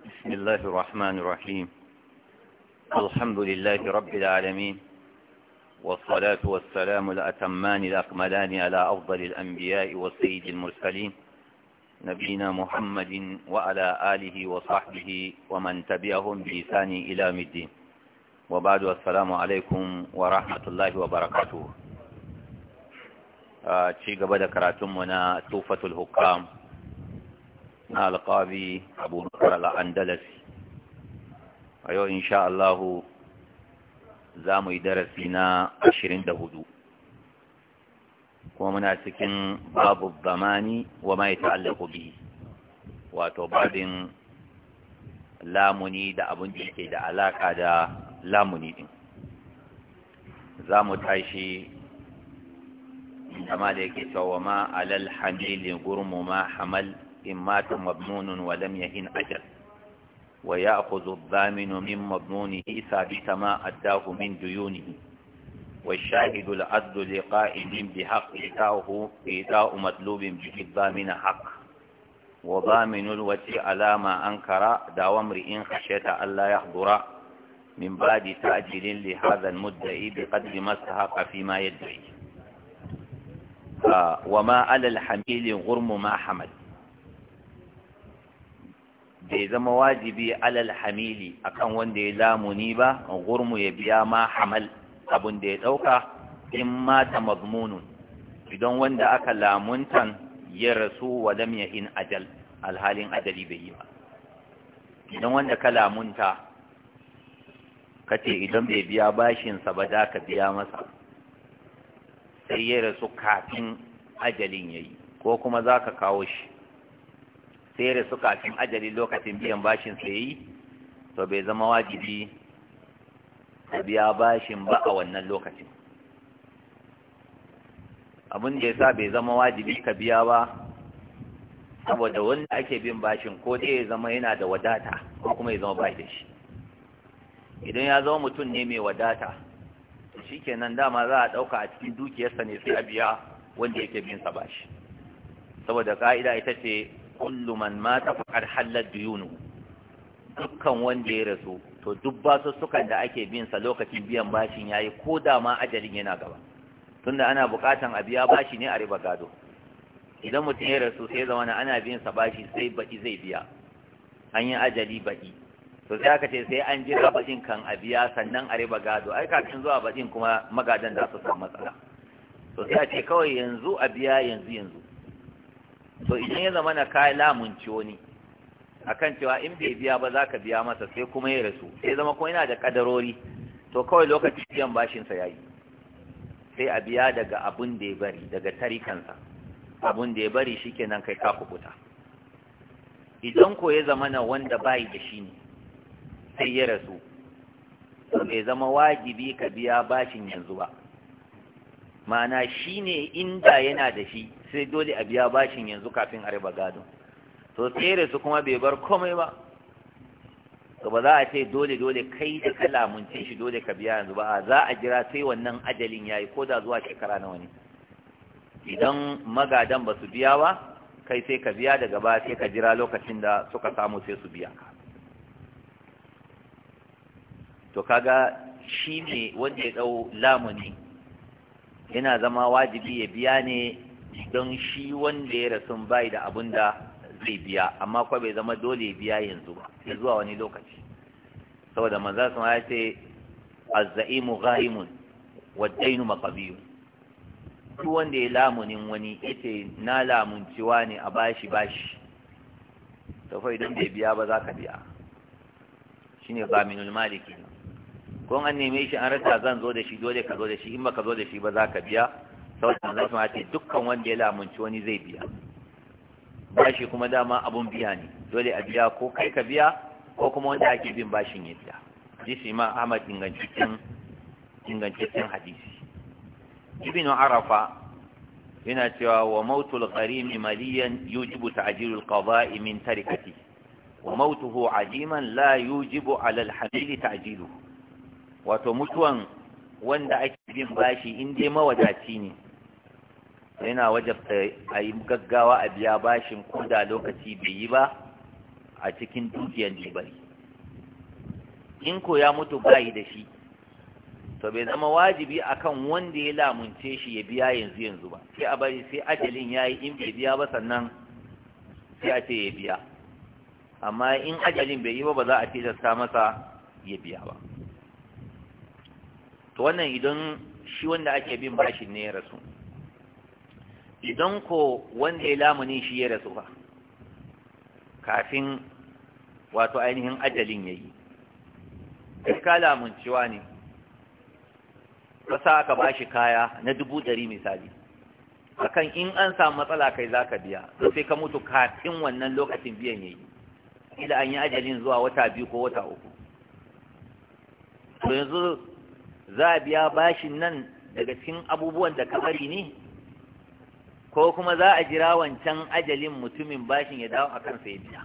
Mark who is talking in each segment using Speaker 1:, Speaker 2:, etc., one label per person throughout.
Speaker 1: بسم الله الرحمن الرحيم الحمد لله رب العالمين والصلاة والسلام الأتمان الأكملان على أفضل الأنبياء والسيد المرسلين نبينا محمد وعلى آله وصحبه ومن تبعهم بإسان إلى مدين وبعد السلام عليكم ورحمة الله وبركاته شيء قبل كراتمنا توفة الحكام na alƙabi abu nukar al'andalasi a yau insha Allahu za mu yi darasi na hudu. kuma muna cikin babu zamani wa mai ta'allaku bi wato babin lamuni da abin da yake da alaƙa da lamuni din za mu tashi kama da yake cewa ma alal hamilin gurmu ma hamal إن مات مبنون ولم يهن أجل ويأخذ الضامن من مضمونه ثابت ما أداه من ديونه والشاهد العدل لقائم بحق إيتاؤه إيتاء مطلوب به الضامن حق وضامن الوتي على ما أنكر داو إن خشيت ألا يحضر من بعد تأجل لهذا المدعي بقدر ما استحق فيما يدعي آه، وما على الحميل غرم ما حمل bai zama wajibi alal hamili akan wanda ya lamuni ba gurmu ya biya ma hamal abin da ya ɗauka, in mata mazmunun idan wanda aka lamuntan ya rasu wa lam in ajal alhalin ajali bai yi ba idan wanda ka lamunta kace idan bai biya bashin sa ba za ka biya masa sai ya rasu kafin ajalin yayi ko kuma za ka kawo shi sai su kafin ajali lokacin biyan bashin sai yi to bai zama wajibi a biya bashin ba a wannan lokacin abin da ya sa bai zama wajibi ka biya ba saboda wanda ake bin bashin ko dai ya zama yana da wadata ko kuma ya zama ba da shi idan ya zama mutum ne mai wadata shi kenan dama za a ɗauka a cikin dukiyarsa ne sai a biya wanda yake bin sa bashi saboda ka'ida ita ce kullu man mata faqad hallat diyunu dukkan wanda ya rasu to duk basussukan da ake bin sa lokacin biyan bashin yayi ko da ma ajalin yana gaba tunda ana bukatan a biya bashi ne a riba gado idan mutum ya rasu sai zama ana bin sa bashi sai baki zai biya an yi ajali baki to sai aka ce sai an jira bakin kan a biya sannan a riba gado ai kafin zuwa baɗin kuma magadan da su san matsala to sai a ce kawai yanzu a biya yanzu yanzu to idan ya zama na ka lamunci wani akan cewa in bai biya ba za ka biya masa sai kuma ya rasu sai zama kuma yana da kadarori to kawai lokacin biyan bashinsa ya yi sai a biya daga abun da ya bari daga tarikansa abun da ya bari shi kenan kai ka kubuta idan ko ya zama na wanda bayi da shi ne sai ya rasu to bai zama wajibi ka biya bashin yanzu ba ma'ana shi ne inda yana da shi sai dole a biya bashin yanzu kafin a riba gado to tsere su kuma bai bar komai ba to ba za a ce dole dole kai da ka lamunce shi dole ka biya yanzu ba za a jira sai wannan ajalin yayi ko da zuwa shekara nawa ne idan magadan ba su biya ba kai sai ka biya daga ba sai ka jira lokacin da suka samu sai su biya ka to kaga shi ne wanda ya dau lamuni yana zama wajibi ya biya ne don shi wanda ya rasu bai da abin da zai biya amma kuma bai zama dole biya yanzu ba ya zuwa wani lokaci saboda maza sun ya ce azza'imu ghaimun wa dainu maqbiyun duk wanda ya lamunin wani yace na cewa ne a bashi bashi to fa idan bai biya ba za ka biya shine zaminul maliki ko an neme shi an rasa zan zo da shi dole ka zo da shi in ka zo da shi ba za ka biya saboda Allah ce dukkan wanda ya lamunci wani zai biya bashi kuma dama abun biya ne dole a biya ko kai ka biya ko kuma wanda ake bin bashin ya biya hadisi ma Ahmad ingantaccen hadisi ibn Arafa yana cewa wa mautul gharimi maliyan yujibu ta'jilul qada'i min tarikati wa mautuhu ajiman la yujibu 'ala al-hamili ta'jiluhu wato mutuwan wanda ake bin bashi in dai mawadaci ne yana wajabta a yi gaggawa a biya bashin ko da lokaci bai yi ba a cikin dukiyar jibari in ko ya mutu bayi da shi to bai zama wajibi akan wanda ya lamunce shi ya biya yanzu yanzu ba sai a bari sai ajalin ya yi in bai biya ba sannan sai a ce ya biya amma in ajalin bai yi ba ba za a tilasta masa ya biya ba to wannan idan shi wanda ake bin bashin ne ya rasu idan ko wanda ya lamuni shi ya rasu ba kafin wato ainihin ajalin ya yi ka lamuncewa ne Ka aka ba shi kaya na dubu ɗari misali akan in an samu matsala kai za ka biya sai ka mutu kafin wannan lokacin biyan ya yi ila an yi ajalin zuwa wata biyu ko wata uku to yanzu za a biya bashin nan daga cikin abubuwan da ka bari ne ko kuma za a jira wancan ajalin mutumin bashin ya dawo a kansa ya biya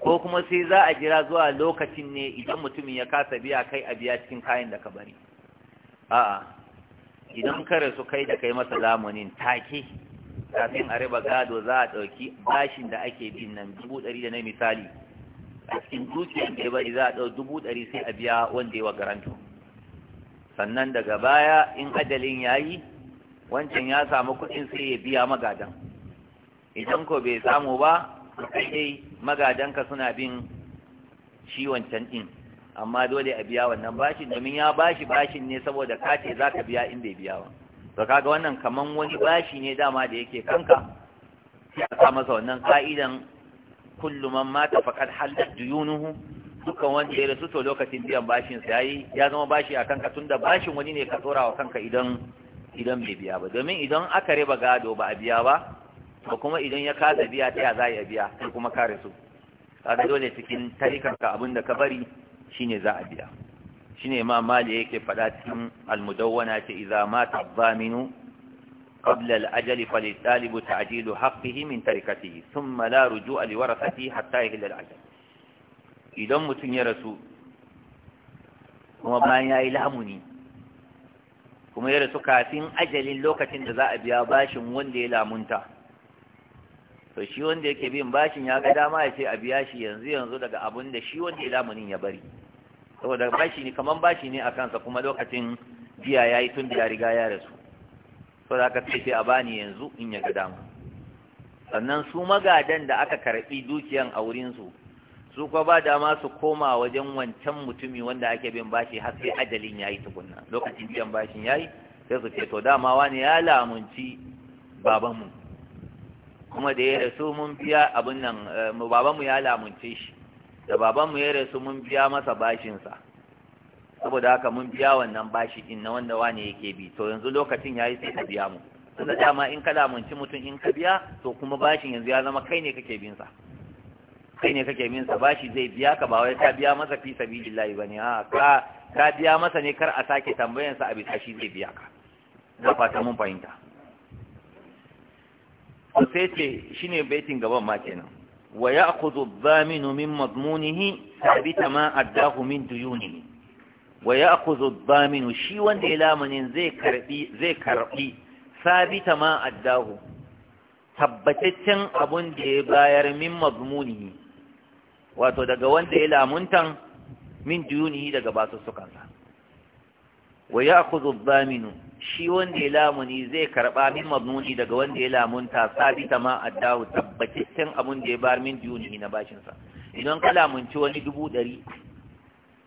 Speaker 1: ko kuma sai za a jira zuwa lokacin ne idan mutumin ya kasa biya kai a biya cikin kayan da ka bari a'a idan ka rasu kai da kai masa lamunin take kafin a riba gado za a ɗauki bashin da ake bin nan dubu ɗari da na misali a cikin dukiyar da ya bari za a dau dubu ɗari sai a biya wanda ya wa garanto sannan daga baya in ajalin ya yi wancan ya samu kuɗin sai ya biya magadan idan ko bai samu ba sai magadanka suna bin shi wancan ɗin amma dole a biya wannan bashin domin ya bashi bashin ne saboda ka ce za ka biya in bai biya ba to kaga wannan kaman wani bashi ne dama da yake kanka sai a sa masa wannan ka'idan kullu man mata faqad halla duyunuhu dukkan wanda ya rasu to lokacin biyan bashin sa yayi ya zama bashi a kanka tunda bashin wani ne ka tsora wa kanka idan idan bai biya ba domin idan aka riba gado ba a biya ba ba kuma idan ya kasa biya ta ya za a biya sai kuma kare su kaga dole cikin tarikanka abin da ka bari shine za a biya shine ma mali yake faɗa cikin almudawwana ce idza mata zaminu قبل tajilu فللطالب تعجيل حقه من تركته ثم لا رجوع لورثته حتى يهل الأجل idan mutum ya rasu kuma bayan ya yi lamuni kuma ya rasu kafin ajalin lokacin da za a biya bashin wanda ya lamunta to shi wanda yake bin bashin ya ga dama ya ce a biya shi yanzu yanzu daga abin da shi wanda ya lamunin ya bari saboda bashi ne kaman bashi ne a kansa kuma lokacin biya ya yi tun da ya riga ya rasu to da aka sai a bani yanzu in ya ga dama sannan su magadan da aka karɓi dukiyan a wurinsu su kuwa ba dama su koma wajen wancan mutumi wanda ake bin bashi har sai ajalin yi tukunna lokacin biyan bashin ya yi, sai su ce to dama wani ya lamunci babanmu kuma da ya rasu mun biya abin nan eh, babanmu ya lamunce shi da babanmu ya rasu mun biya masa bashinsa saboda haka mun biya wannan bashi din na wanda wani yake bi to yanzu lokacin ya yi sai ka biya mu tunda dama in ka lamunci mutum in ka biya to kuma bashin yanzu ya zama kai ne kake bin sa kai ne kake min sa bashi zai biya ka ba wai ka biya masa fi sabilillahi bane a ka ka biya masa ne kar a sake tambayan sa a bisa shi zai biya ka da fata mun fahimta to sai ce shine baitin gaban ma kenan wa ya'khudhu adh-dhaminu min madmunihi thabita ma addahu min duyunihi wa ya'khudhu adh-dhaminu shi wanda ya lamanin zai karbi zai karbi sabita ma addahu tabbataccen abun da ya bayar min mazmunihi wato daga wanda ya lamuntan min diyunihi daga basussukansa wa ya adh-dhaminu shi wanda ya lamuni zai karba min mabnuni daga wanda ya lamunta sabita ma addahu tabbataccen abun da ya bar min diyunihi na bashin sa idan ka lamunci wani dubu ɗari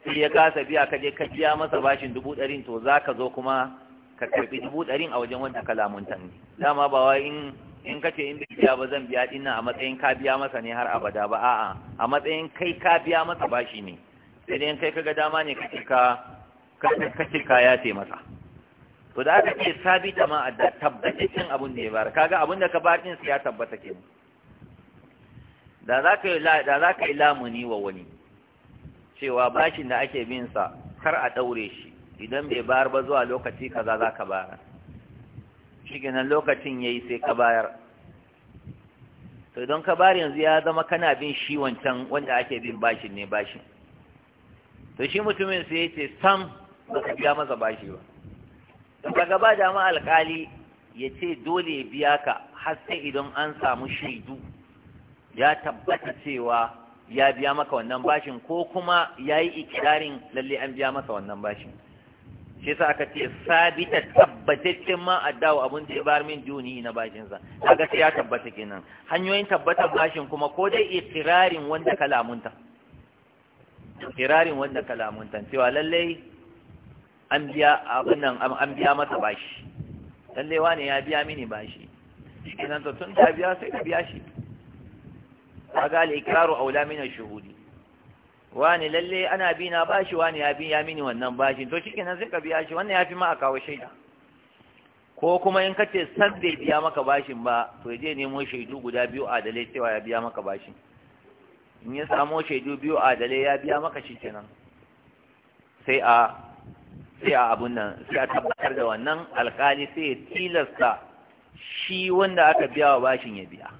Speaker 1: sai ya kasa biya ka je ka biya masa bashin dubu ɗarin to zaka zo kuma ka karbi dubu ɗarin a wajen wanda ka lamunta ne dama ba wai in in ka ce in biya ba zan biya dinnan a matsayin ka biya masa ne har abada ba a'a a matsayin kai ka biya masa bashi ne sai dai kai kaga dama ne kace ka cika ka ya ce masa to da aka ce sabita ma adda cin abun da ya bar kaga abun da ka bar din ya tabbata ke da za ka yi da za ka yi lamuni wa wani cewa bashin da ake bin sa kar a daure shi idan bai bayar ba zuwa lokaci kaza za ka bayar shikenan lokacin ya yi sai ka bayar to don ka bayar yanzu ya zama kana bin shi wancan wanda ake bin bashin ne bashin to shi mutumin sai ya ce sam ba ka biya masa bashi ba daga gaba da ma alkali ya ce dole ya biya ka har sai idan an samu shaidu ya tabbata cewa ya biya maka wannan bashin ko kuma ya yi ikirarin lalle an biya masa wannan bashin shi sa aka ce sabita tabbataccen ma dawo abun da ya bayar min juni na bashinsa kaga sai ya tabbata kenan hanyoyin tabbatar bashin kuma ko dai ikirarin wanda kalamunta ikirarin wanda kalamunta cewa lallai an biya abin nan an biya masa bashi lallai wani ya biya mini bashi kenan to tun ta biya sai ka biya shi kaga al-ikraru aula wula ash-shuhudi wani lalle ana bi na bashi wani ya ya mini wannan bashin to shi kenan sai ka biya shi wannan ya fi ma a kawo shaida ko kuma in ka ce san bai biya maka bashin ba to je nemo shaidu guda biyu adalai cewa ya biya maka bashin in ya samo shaidu biyu adalai ya biya maka shi kenan sai a sai a abun nan sai a tabbatar da wannan alkali sai ya tilasta shi wanda aka biya wa bashin ya biya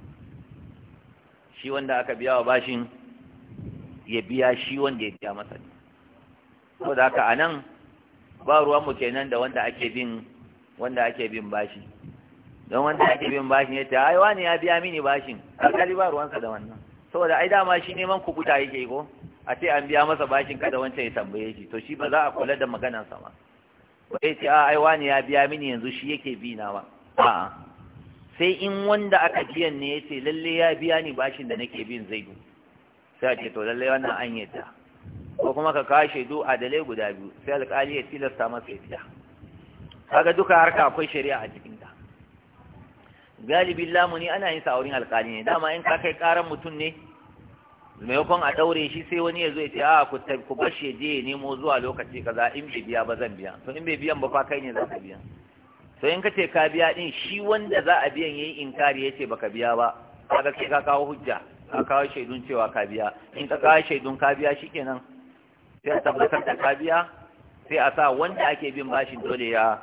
Speaker 1: shi wanda aka biya wa bashin ya biya shi wanda ya biya masa ne saboda haka a nan ba ruwan mu kenan da wanda ake bin wanda ake bin bashi don wanda ake bin bashin ya ce ai wani ya biya mini bashin alkali ba ruwansa da wannan saboda ai dama shi neman kukuta yake ko a ce an biya masa bashin kada wancan ya tambaye shi to shi ba za a kula da maganar sa ba ya ce ai wani ya biya mini yanzu shi yake bi na ba a'a sai in wanda aka biyan ne ya ce lalle ya biya ni bashin da nake bin zaidu sai a ce to lallai wannan an ta. ko kuma ka kawo shaidu adalai guda biyu sai alƙali ya tilasta masa ya kaga duka harka akwai shari'a a ta galibin lamuni ana yin sa a wurin alƙali ne dama in ka kai ƙaran mutum ne maimakon a ɗaure shi sai wani ya zo ya ce a ku ku bar je ya nemo zuwa lokaci kaza in bai biya ba zan biya to in bai biyan ba fa kai ne za ka biya to in ka ce ka biya din shi wanda za a biyan yayi inkari yace baka biya ba kaga sai ka kawo hujja A kawo shaidun cewa ka biya in ka kawo shaidun ka biya shikenan sai a tabbatar da ka biya sai a sa wanda ake bin bashin dole ya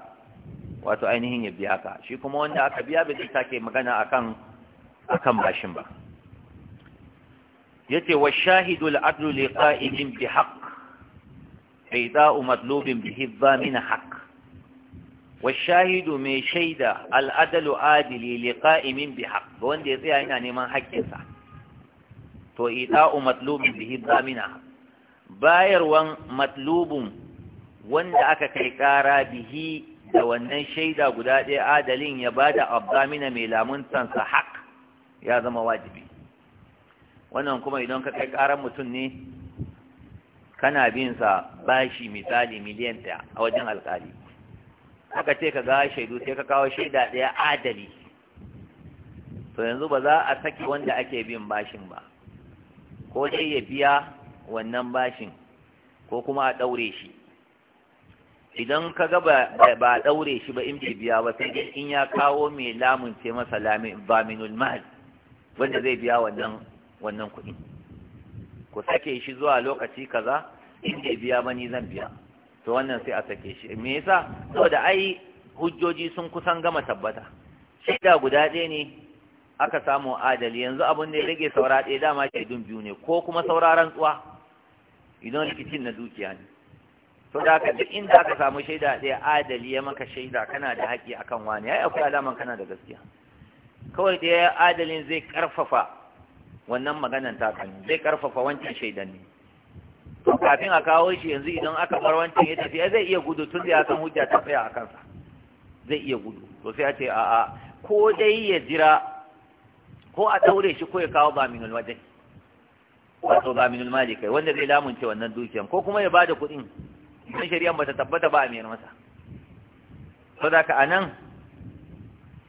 Speaker 1: wato ainihin ya biya ka shi kuma wanda aka biya bai ta sake magana akan akan bashin ba yace wa shahidul adlu li qa'idin bi haqq ida'u matlubin bi hibba min haqq wa shahidu mai shaida al adlu adili li qa'imin bi haqq wanda ya tsaya yana neman haƙƙinsa to ita'u matlubin bihi zamina bayarwan matlubun wanda aka kai kara bihi da wannan shaida guda ɗaya adalin ya bada abdamina mai lamuntansa haq ya zama wajibi wannan kuma idan ka kai karan mutum ne kana bin sa bashi misali miliyan ɗaya a wajen alkali aka ce ka ga shaidu sai ka kawo shaida ɗaya adali to yanzu ba za a saki wanda ake bin bashin ba ko dai ya biya wannan bashin ko kuma a ɗaure shi idan ka ga ba a ɗaure shi ba in bai biya ba sai dai in ya kawo mai lamun ce masa baminul mal wanda zai biya wannan wannan kuɗi ku sake shi zuwa lokaci kaza in bai biya ba ni zan biya to wannan sai a sake shi me yasa saboda ai hujjoji sun kusan gama tabbata shaida guda ɗaya ne aka samu adali yanzu abin da ya rage saura ɗaya dama dun biyu ne ko kuma sauraron tsuwa idan rikicin na dukiya ne to da aka duk inda aka samu shaida ɗaya adali ya maka shaida kana da haƙƙi akan wani yi akwai alaman kana da gaskiya kawai da adalin zai ƙarfafa wannan maganan takan zai ƙarfafa wancan shaidan ne to kafin a kawo shi yanzu idan aka bar wancan ya tafiya zai iya gudu tun da ya san hujja ta tsaya a kansa zai iya gudu to sai a ce a'a ko dai ya jira ko a daure shi ko ya kawo baminul waje? wato baminul mali kai wanda zai lamunce wannan dukiyan ko kuma ya bada kuɗin don shari'an ba ta tabbata ba a mayar masa saboda ka anan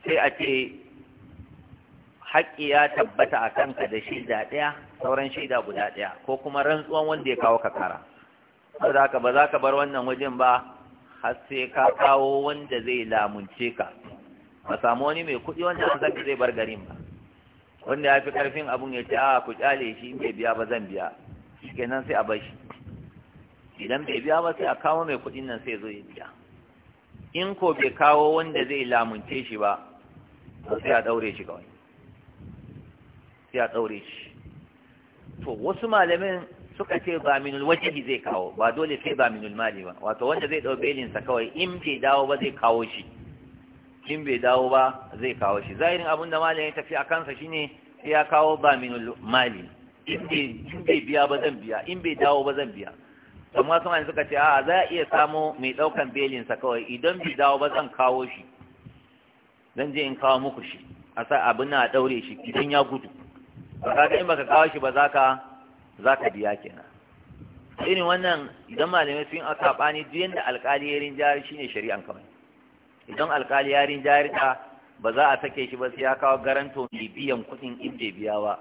Speaker 1: sai a ce haƙƙi ya tabbata a kanka da shida ɗaya sauran shaida guda ɗaya ko kuma rantsuwan wanda ya kawo ka kara saboda ka ba za ka bar wannan wajen ba har sai ka kawo wanda zai lamunce ka ba samu wani mai kuɗi wanda zai bar garin ba wanda ya fi karfin abun ya ce a ah, ku kyale shi in bai biya ba zan biya shikenan sai a bar shi idan bai biya ba sai a kawo mai kuɗin nan sai zo ya biya in ko bai kawo wanda zai lamunce shi ba sai a daure shi kawai sai a daure shi to wasu malamin suka ce ba minul wajihi zai kawo ba dole sai ba minul mali ba wato wanda zai dau belinsa kawai in bai dawo ba zai kawo shi in bai dawo ba zai kawo shi zahirin abin da malin ya tafi a kansa shi sai ya kawo min mali in bai biya ba zan biya in bai dawo ba zan biya amma sun suka ce a za a iya samo mai ɗaukan belinsa kawai idan bai dawo ba zan kawo shi zan je in kawo muku shi a sa abin na daure shi idan ya gudu ba ka in baka kawo shi ba za ka biya kenan irin wannan idan malamai sun aka bani duk yadda alƙali ya shi shine shari'an kamar. idan alkali ya rinjayar ba za a sake shi ba sai ya kawo garanto mai biyan kuɗin in bai biya ba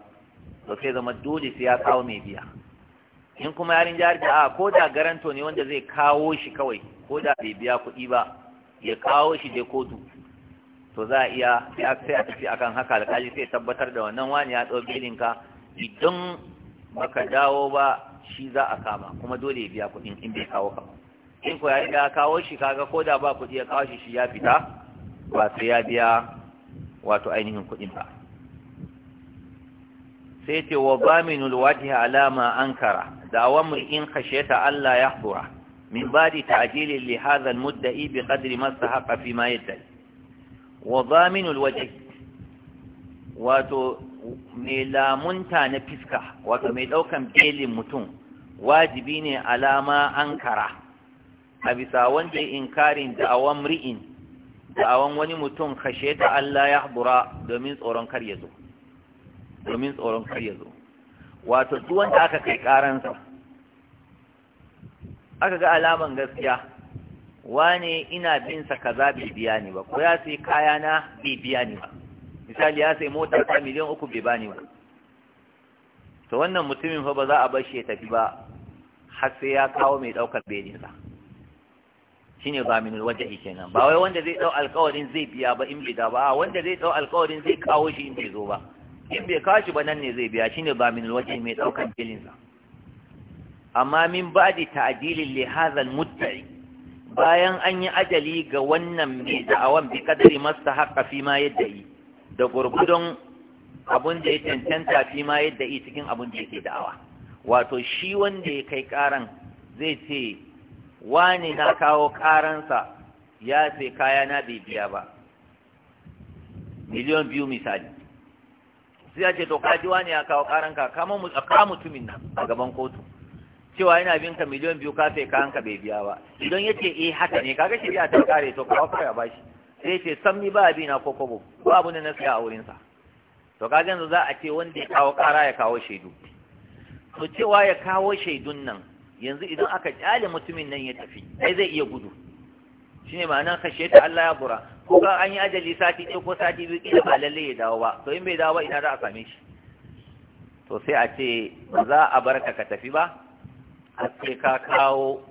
Speaker 1: to sai zama dole sai ya kawo mai biya in kuma yarin jihar a ko da garanto ne wanda zai kawo shi kawai ko da bai biya kuɗi ba ya kawo shi dai kotu to za a iya sai a tafi akan haka alkali sai tabbatar da wannan wani ya ɗau ka idan baka dawo ba shi za a kama kuma dole ya biya kuɗin in bai kawo ka in ko ya riga kawo shi kaga ko da ba kuɗi ya kawo shi shi ya fita ba sai ya biya wato ainihin kuɗin ba sai ce wa baminul wajhi alama ankara wa mu in khashiyata Allah ya hura min badi ta'jili li hadha al-mudda'i bi qadri ma sahaqa fi ma yadda'i wa baminul wajhi wato mai lamunta na fiska wato mai daukan belin mutum wajibi ne alama ankara a bisa wanda inkarin da'awan ri'in da'awan wani mutum kashe ta Allah ya bura domin tsoron kar ya zo domin tsoron kar ya zo wato tuwon da aka kai karansa aka ga alaman gaskiya wane ina bin sa kaza bai biya ba ko ya sai kaya na bai biya ba misali ya sai mota ta miliyan uku bai bani ba to wannan mutumin fa ba za a bar shi ya tafi ba har sai ya kawo mai benin sa shine zaminul wajhi kenan ba wai wanda zai dau alƙawarin zai biya ba in bai ba wanda zai dau alƙawarin zai kawo shi in bai zo ba in bai kawo shi ba nan ne zai biya shine zaminul wajhi mai daukan bilin sa amma min ba'di ta'dilin li hadha muttai bayan an yi ajali ga wannan mai da'awan bi kadari mastahaqqa fi ma yadda'i da gurgudun abun da ya tantanta fi ma yadda'i cikin abun da yake da'awa wato shi wanda ya kai karan zai ce wani na kawo karansa ya ce kaya na bai biya ba miliyon biyu misali sai ya ce to kaji wani ya kawo karanka kama mutumin nan a gaban kotu cewa yana bin ka miliyon biyu ka sai kayan ka bai biya ba idan ya ce eh haka ne kaga shirya ta kare to kawo kawai ba bashi sai ya ce san ba abi na ko kobo ko abu ne na siya a wurinsa to kaga yanzu za a ce wanda ya kawo kara ya kawo shaidu to cewa ya kawo shaidun nan yanzu idan aka kyale mutumin nan ya tafi ai zai iya gudu shine ma'anar kashe ta Allah ya bura ko ga an yi ajali sati ɗaya ko sati biyu kila ba lalle ya dawo ba to in bai dawo ba ina za a same shi to sai a ce ba za a bar ka ka tafi ba har sai ka kawo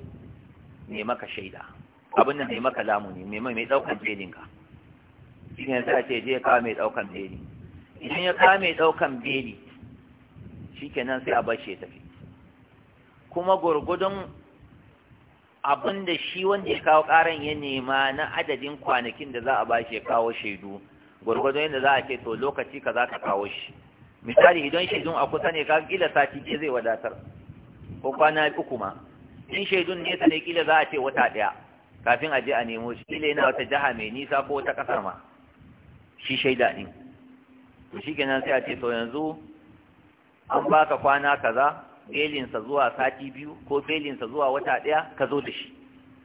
Speaker 1: ne maka shaida abin nan mai maka lamuni mai mai ɗaukan belinka shi ne sai a ce je kawo mai ɗaukan beli idan ya kawo mai ɗaukan beli shi kenan sai a bar shi ya tafi kuma gwargwadon abin da shi wanda ya kawo ƙaran ya nema na adadin kwanakin da za a bashi ya kawo shaidu gwargwadon yadda za a ce to lokaci ka za ka kawo shi misali idan shaidun a kusa ne kaga kila sati ce zai wadatar ko kwana uku ma in shaidun nesa ne kila za a ce wata ɗaya kafin a je a nemo shi kila yana wata jiha mai nisa ko wata ƙasar ma shi shaida ɗin to shi kenan sai a ce to yanzu an baka kwana kaza felinsa zuwa sati biyu ko felinsa zuwa wata ɗaya ka zo da shi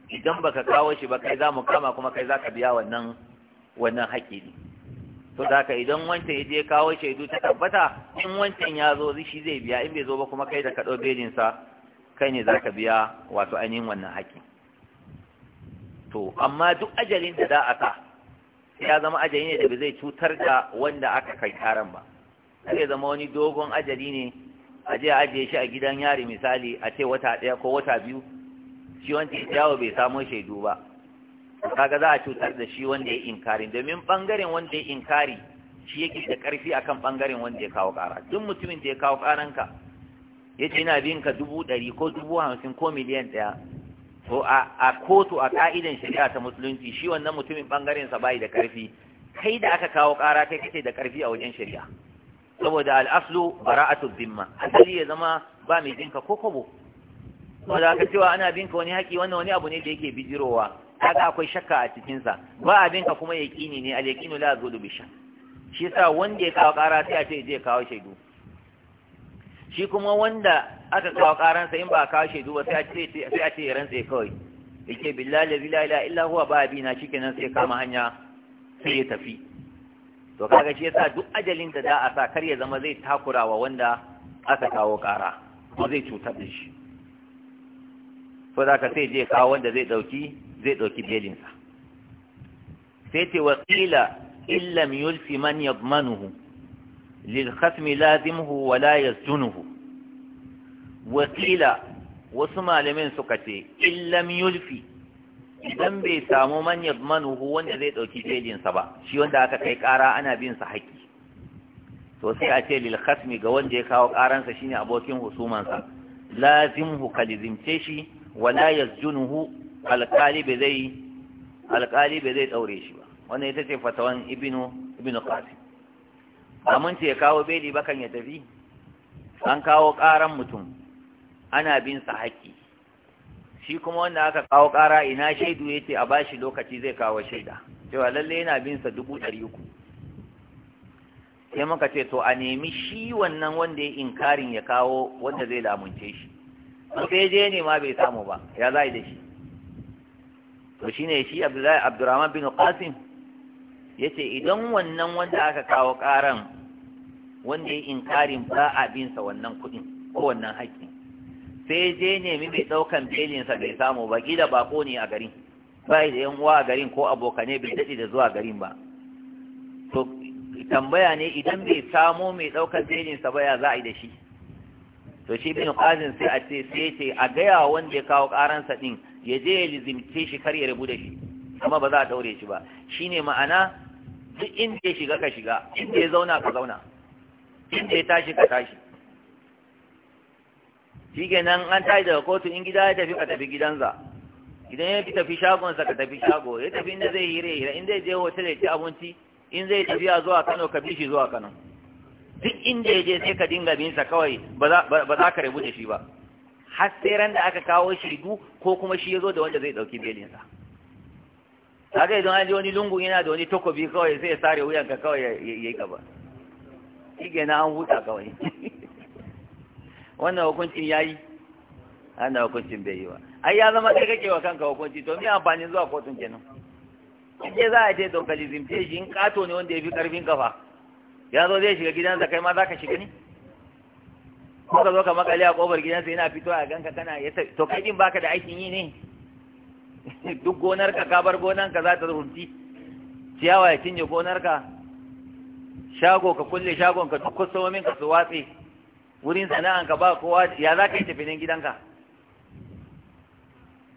Speaker 1: idan baka kawo shi ba kai za mu kama kuma kai za ka biya wannan wannan haƙƙi ne to da haka idan wancan ya je kawo shaidu ta tabbata in wancan ya zo shi zai biya in bai zo ba kuma kai da ka ɗau belinsa kai ne za ka biya wato ainihin wannan haƙƙi to amma duk ajalin da za a sa ya zama ajali ne da ba zai cutar da wanda aka kai karan ba zai zama wani dogon ajali ne a je ajiye shi a gidan yari misali a ce wata ɗaya ko wata biyu shi wanda ya jawo bai samo shaidu ba kaga za a cutar da shi wanda ya inkari domin bangaren wanda ya inkari shi yake da karfi akan bangaren wanda ya kawo kara duk mutumin da ya kawo karanka ya ce ina bin ka dubu ɗari ko dubu hamsin ko miliyan ɗaya to a kotu a ka'idan shari'a ta musulunci shi wannan mutumin bangaren sa bai da karfi kai da aka kawo kara kai kake da karfi a wajen shari'a saboda al'aslu ma, a asali ya zama ba mai jinka ko kobo wanda aka cewa ana binka wani haƙi wannan wani abu ne da yake bijirowa kaga akwai shakka a cikinsa. ba a binka kuma ƙini ne al yaqinu la zo bi shi sa wanda ya kawo ƙara sai a ce je kawo shaidu shi kuma wanda aka kawo ƙaransa in ba a kawo shaidu ba sai a ce ya rantse kawai yake billahi la ilaha illa huwa ba a shi kenan sai kama hanya sai ya tafi to kaga shi yasa duk ajalin da za a sa kar ya zama zai takurawa wanda aka kawo ƙara ko zai cutar da shi so da ka sai je kawo wanda zai ɗauki zai ɗauki belinsa sai ce waƙila illam yulfi man yadmanuhu lil khasmi lazimuhu wa la yasjunuhu Wakila wasu malamin suka ce illam yulfi idan bai samu man yadmanuhu wanda zai dauki belinsa ba shi wanda aka kai kara ana bin sa haƙi to sai a ce lil khasmi ga wanda ya kawo sa shine abokin husumansa lazimhu kalizimce shi wala yazjunuhu alqali bai zai alqali bai zai daure shi ba wannan ita ce fatawan ibnu ibnu qasim amun ce ya kawo beli bakan ya tafi an kawo karan mutum ana bin sa haƙi shi kuma wanda aka kawo kara, ina shaidu ya ce a ba shi lokaci zai kawo shaida cewa lalle yana binsa dubu ɗari uku sai muka ce to a nemi shi wannan wanda ya inkarin ya kawo wanda zai lamunce shi sai je ne ma bai samu ba ya za da shi to shi ne shi abdurrahman bin qasim ya ce idan wannan wanda aka kawo ƙaran wanda ya inkarin ba a binsa wannan kuɗin ko wannan haƙƙin sai je nemi mai ɗaukan belinsa bai samu ba gida bako ne a garin bai da yan uwa a garin ko abokane bai daɗe da zuwa garin ba to tambaya ne idan bai samu mai ɗaukan belinsa ba ya za a yi da shi to shi bin ƙazin sai a ce sai ce a gaya wanda ya kawo ƙaransa ɗin, ya je ya lizimce shi kar ya rabu da shi amma ba za a ɗaure shi ba Shi ne ma'ana duk inda ya shiga ka shiga inda ya zauna ka zauna inda ya tashi ka tashi shikenan an tashi daga kotu in gida ya tafi ka tafi gidansa idan ya tafi shagonsa ka tafi shago ya tafi inda zai hire hira in zai je hotel ya ci abinci in zai tafiya zuwa Kano ka bi shi zuwa Kano duk inda ya je sai ka dinga bin sa kawai ba za ka rabu da shi ba har sai ran da aka kawo du ko kuma shi ya zo da wanda zai ɗauki belinsa kaga idan an ji wani lungu yana da wani takobi kawai sai ya sare wuyanka kawai ya yi gaba shi na an huta kawai wannan hukuncin ya yi? wannan hukuncin bai yi ba ai ya zama kai kake wa kanka hukunci to me amfanin zuwa kotun kenan in za a ce to kalizimce shi in kato ne wanda ya fi karfin kafa ya zo zai shiga gidansa kai ma za ka shiga ne ko ka zo ka makale a kofar gidansa yana fito a ganka kana ya to kai din baka da aikin yi ne duk gonar ka ka bar gonar ka za ta rufi ciyawa ya cinye gonar ka shago ka kulle shagon ka duk kusomin ka su watse wurin sana'anka ba kowa ya za ka yi tafi gidanka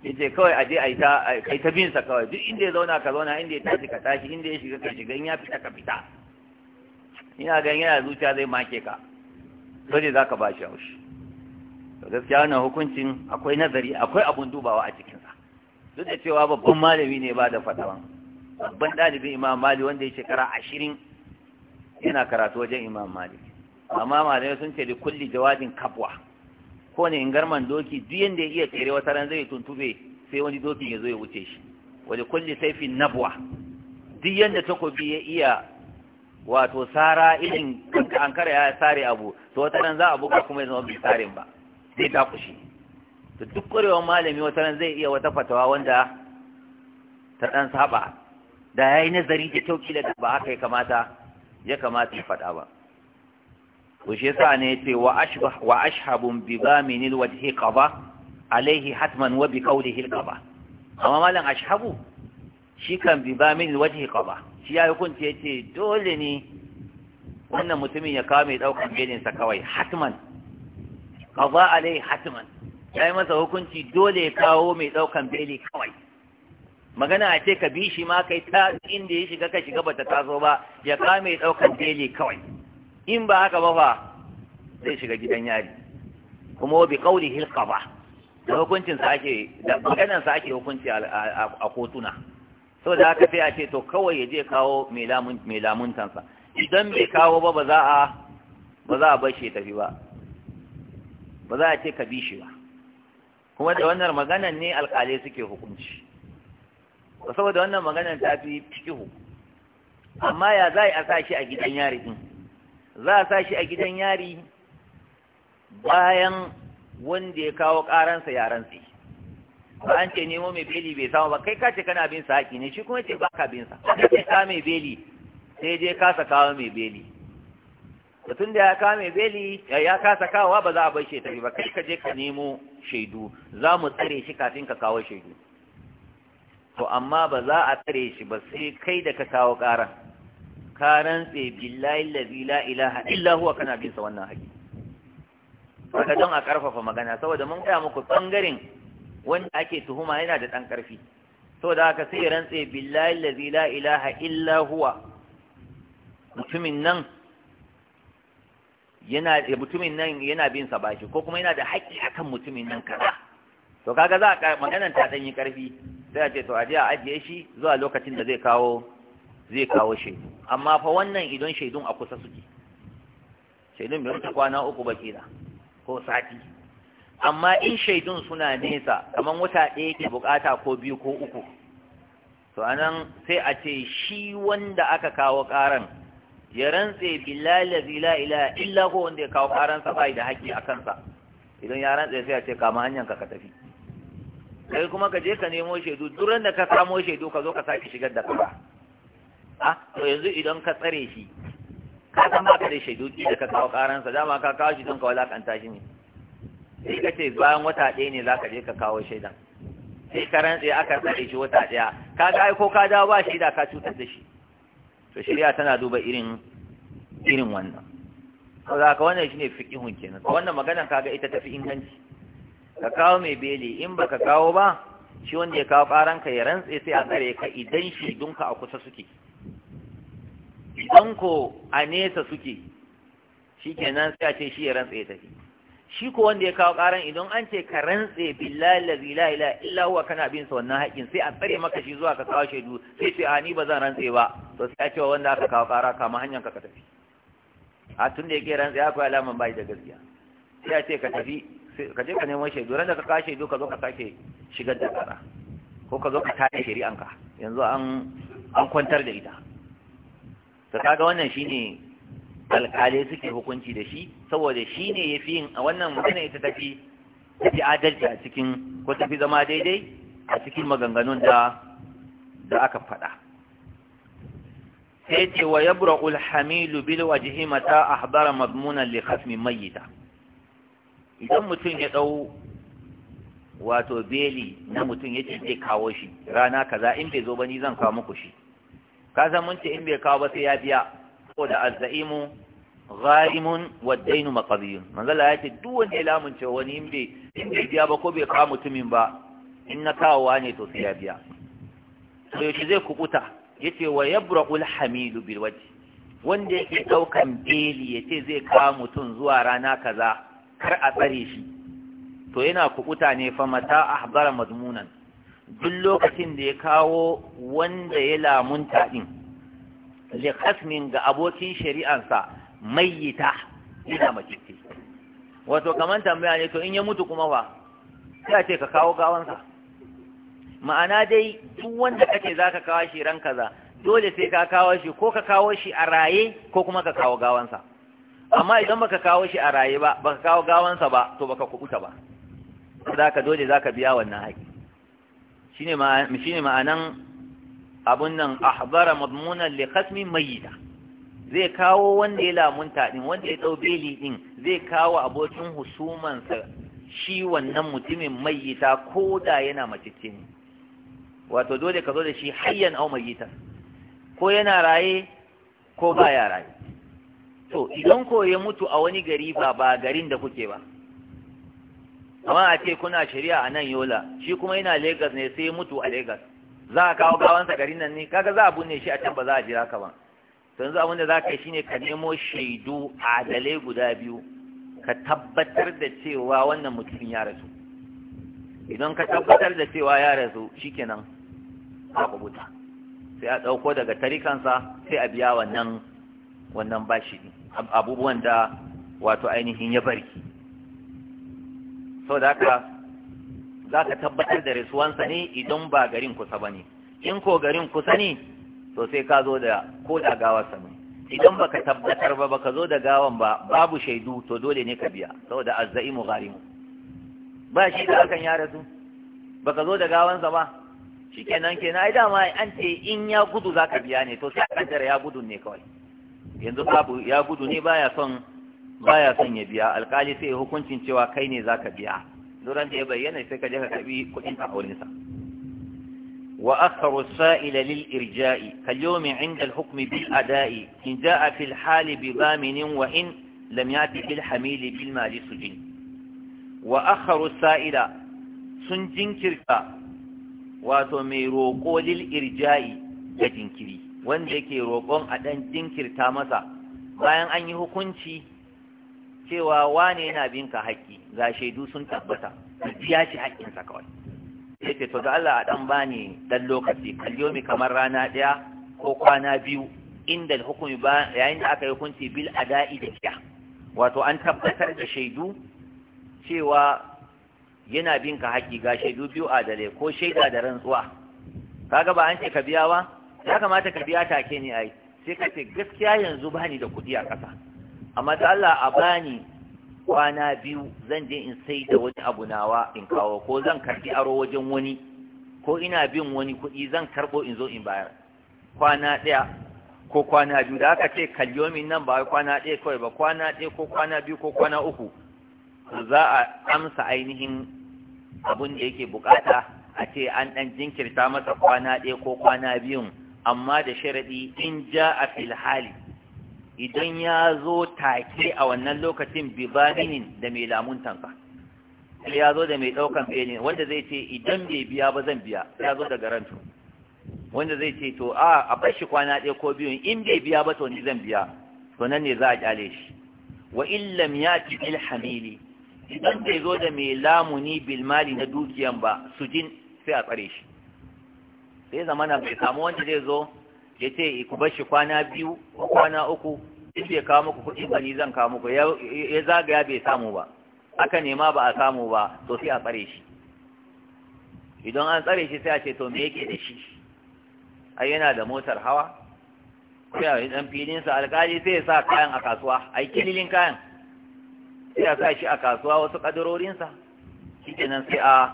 Speaker 1: ce kawai a je a yi ta kai binsa kawai duk inda ya zauna ka zauna inda ya tashi ka tashi inda ya shiga ka shiga in ya fita ka fita ina ganin yana zuciya zai make ka dole za ka ba shi haushi to gaskiya wannan hukuncin akwai nazari akwai abun dubawa a cikinsa duk da cewa babban malami ne ba da fatawan babban ɗalibin imam mali wanda ya shekara ashirin yana karatu wajen imam mali amma malamai sun ce da kulli jawabin kabwa ko ne in garman doki duk yanda ya iya tsere wata ran zai tuntube sai wani doki ya zo ya wuce shi wani kulli saifin nabwa duk yanda takobi ya iya wato sara irin kankara ya sare abu to wata ran za a buga kuma ya zama bai sare ba zai kushi to duk ƙwarewar malami wata ran zai iya wata fatawa wanda ta ɗan saba da ya yi nazari da kyau kila da ba haka ya kamata ya kamata ya faɗa ba to shi yasa ne yace wa ashbah wa ashhabun bi zaminil wajhi qaba alaihi hatman wa bi qawlihi al qaba amma malan ashhabu shi kan bi zaminil wajhi qaba shi ya hukunci yace dole ne wannan mutumin ya kawo mai daukan belin sa kawai hatman qaba alaihi hatman Sai masa hukunci dole ya kawo mai daukan beli kawai magana a ce ka bi shi ma kai ta inda ya shiga ka shiga bata taso ba ya mai daukan beli kawai in ba haka ba fa zai shiga gidan yari kuma bi kauli hilka ba da hukuncin sa ake da maganan sa ake hukunci a kotuna saboda haka sai a ce to kawai ya je kawo mai lamuntansa idan bai kawo ba ba za a ba za a tafi ba ba za a ce ka bi shi ba kuma da wannan maganan ne alƙalai suke hukunci saboda wannan maganan ta fi fikihu amma ya za a sa shi a gidan yari din za a sa shi a gidan yari bayan wanda ya kawo ƙaransa yaransa ba an ce nemo mai beli bai samu ba kai kace kana bin sa haƙi ne shi kuma ce ba ka bin sa kace ka mai beli sai je kasa kawo mai beli tun da ya kawo mai beli ya kasa kawowa ba za a bar shi tafi ba kai ka je ka nemo shaidu za mu tsare shi kafin ka kawo shaidu to amma ba za a tsare shi ba sai kai da ka kawo ƙaran ka rantse billahi allazi la ilaha illa huwa kana bin sa wannan haƙi kaga don a karfafa magana saboda mun gaya muku bangaren wanda ake tuhuma yana da dan karfi saboda haka sai rantse billahi allazi la ilaha illa huwa mutumin nan yana mutumin nan yana bin sa bashi ko kuma yana da haƙi akan mutumin nan kaza to kaga za a magana ta danyi karfi sai a ce to a je a ajiye shi zuwa lokacin da zai kawo zai kawo shaidu amma fa wannan idan shaidun a kusa suke shaidun bai wuce kwana uku ba kila ko sati amma in shaidun suna nesa kamar wata ɗaya ke bukata ko biyu ko uku to anan sai a ce shi wanda aka kawo ƙaran ya rantse billahi la ilaha illa ko wanda ya kawo ƙaransa bai da haƙƙi a kansa idan ya rantse sai a ce kama hanyanka ka tafi kai kuma ka je ka nemo shaidu duran da ka samo shaidu ka zo ka sake shigar da kaba a to yanzu idan ka tsare shi ka san ka da shaidu da ka kawo karansa dama ka kawo shi don ka walakanta shi ne sai ka ce bayan wata ɗaya ne za ka je ka kawo shaidan sai ka rantse aka tsare shi wata ɗaya ka ga ko ka dawo ba shaida ka cutar da shi to shari'a tana duba irin irin wannan saboda ka wannan shine fiqihun kenan wannan ka kaga ita tafi inganci ka kawo mai beli in baka kawo ba shi wanda ya kawo karanka ya rantse sai a tsare ka idan shi dunka a kusa suke idan ko a nesa suke shi kenan sai a ce shi ya rantse ya tafi shi ko wanda ya kawo karan idan an ce ka rantse billahi la ilaha illa huwa kana bin sa wannan haƙin sai a tsare maka shi zuwa ka kawo shaidu sai ce a ni ba zan rantse ba to sai a ce wanda aka kawo kara kama hanyar ka ka tafi a tun da yake rantse akwai alaman bai da gaskiya sai a ce ka tafi ka je ka nemo shaidu ran da ka kawo shaidu ka zo ka sake shigar da kara ko ka zo ka tare shari'anka yanzu an an kwantar da ita ta kaga wannan shine alƙalai suke hukunci da shi saboda shi ne ya fi yin a wannan magana ita tafi tafi adalci a cikin ko tafi zama daidai a cikin maganganun da da aka faɗa sai ce wa yabra'u ulhamilu bil wajhi mata ahdara mazmuna li khasmi mayyita idan mutum ya dau wato beli na mutum ya zai kawo shi rana kaza in bai zo ba ni zan kawo muku shi ka san mun ce in bai kawo ba sai ya biya ko da azza'imu wa dainu maqdiyun manzala ya ce duk wanda ya lamunce wani in bai in bai biya ba ko bai kawo mutumin ba in na kawo ne to sai ya biya to yace zai kukuta yace wa yabra'ul hamilu bil wanda yake daukan beli yace zai kawo mutum zuwa rana kaza kar a tsare shi to yana kukuta ne fa mata ahbara madmunan duk lokacin da ya kawo wanda ya lamunta ɗin kasmin ga abokin shari'ansa ta ina ce. wato kamar tambaya ne to in ya mutu kuma ba sai a ce ka kawo gawansa ma'ana dai duk wanda kake za ka kawo shi ran kaza dole sai ka kawo shi ko ka kawo shi a raye ko kuma ka kawo gawansa amma idan baka kawo shi a raye ba baka kawo gawansa ba to baka kubuta ba saboda haka dole ka biya wannan haƙi shine ma'anan abun nan ahbara madmunan li mai mayyita zai kawo wanda ya lamunta ɗin wanda ya dau beli din zai kawo abokin husumansa shi wannan mutumin mai ko da yana macicce ne wato dole ka zo da shi hayyan au mayyitan ko yana raye ko baya raye to idan ko ya mutu a wani gari ba ba garin da kuke ba amma a ce kuna shari'a a nan yola shi kuma yana Legas ne sai mutu a Legas. za a kawo gawansa garin nan ne kaga za a bunne shi a can ba za a jira ka ba yanzu abin da za ka yi shine ka nemo shaidu adalai guda biyu ka tabbatar da cewa wannan mutumin ya rasu idan ka tabbatar da cewa ya rasu shikenan a kubuta sai a ɗauko daga tarikansa sai a biya wannan wannan bashi abubuwan da wato ainihin ya bari saboda haka za ka tabbatar da rasuwansa ne idan ba garin kusa ba ne in ko garin kusa ne to sai ka zo da ko da gawarsa ne idan ba ka tabbatar ba ka zo da gawan ba babu shaidu to dole ne ka biya saboda azza'imu mu ba shi da hakan ya rasu Ba ka zo da gawansa ba shikenan kenan ai dama an ce in ya gudu za ka biya ne to sai kaddara ya gudu ne kawai yanzu babu ya gudu ne baya son baya son ya biya alkali sai hukuncin cewa kai ne zaka biya duran da ya bayyana sai ka je ka karbi kuɗin ka wurin sa wa akharu sa'ila lil irja'i kal yawmi 'inda al hukmi bil ada'i in ja'a fil hali bi zaminin wa in lam yati bil hamili bil mali sujin wa akharu sa'ila sun jinkirta wato mai roƙo lil irja'i da jinkiri wanda yake roƙon a ɗan jinkirta masa bayan an yi hukunci cewa wane yana bin ka haƙƙi ga shaidu sun tabbata ya ce haƙƙinsa kawai ya ce to da Allah a ɗan bani dan lokaci kalliyo kamar rana ɗaya ko kwana biyu inda hukumi ba yayin da aka yi hukunci bil a da kiya wato an tabbatar da shaidu cewa yana bin ka haƙƙi ga shaidu biyu a adalai ko shaida da rantsuwa kaga ba an ce ka biya ba ya kamata ka biya take ne ai sai ka ce gaskiya yanzu bani da kuɗi a ƙasa A matsala a bani kwana biyu zan je in sai da wani abu nawa in kawo ko zan karbi aro wajen wani ko ina bin wani kuɗi zan karɓo in zo in bayar kwana ɗaya ko kwana biyu da aka ce kalyomin nan ba kwana ɗaya kawai ba kwana ɗaya ko kwana biyu ko kwana uku za a amsa ainihin abin da yake bukata a ce an ɗan jinkirta masa kwana ɗaya ko kwana biyun amma da sharaɗi in ja a filhali idan ya zo take a wannan lokacin bibaninin da mai lamuntansa ya zo da mai ɗaukan bene wanda zai ce idan bai biya ba zan biya ya zo da garanto wanda zai ce to a a bar shi kwana ɗaya ko biyu in bai biya ba to ni zan biya to nan ne za a kyale shi wa illam yati bil hamili idan bai zo da mai lamuni bil mali na dukiyan ba sujin sai a tsare shi sai zamana bai samu wanda zai zo ya ce ku bar shi kwana biyu ko kwana uku in bai kawo muku kuɗi ba ni zan kawo muku ya zagaya bai samu ba aka nema ba a samu ba to sai a tsare shi idan an tsare shi sai a ce to me yake da shi ai yana da motar hawa sai a dan sa? alƙali sai ya sa kayan a kasuwa ai kililin kayan sai a sa shi a kasuwa wasu kadarorinsa shi kenan sai a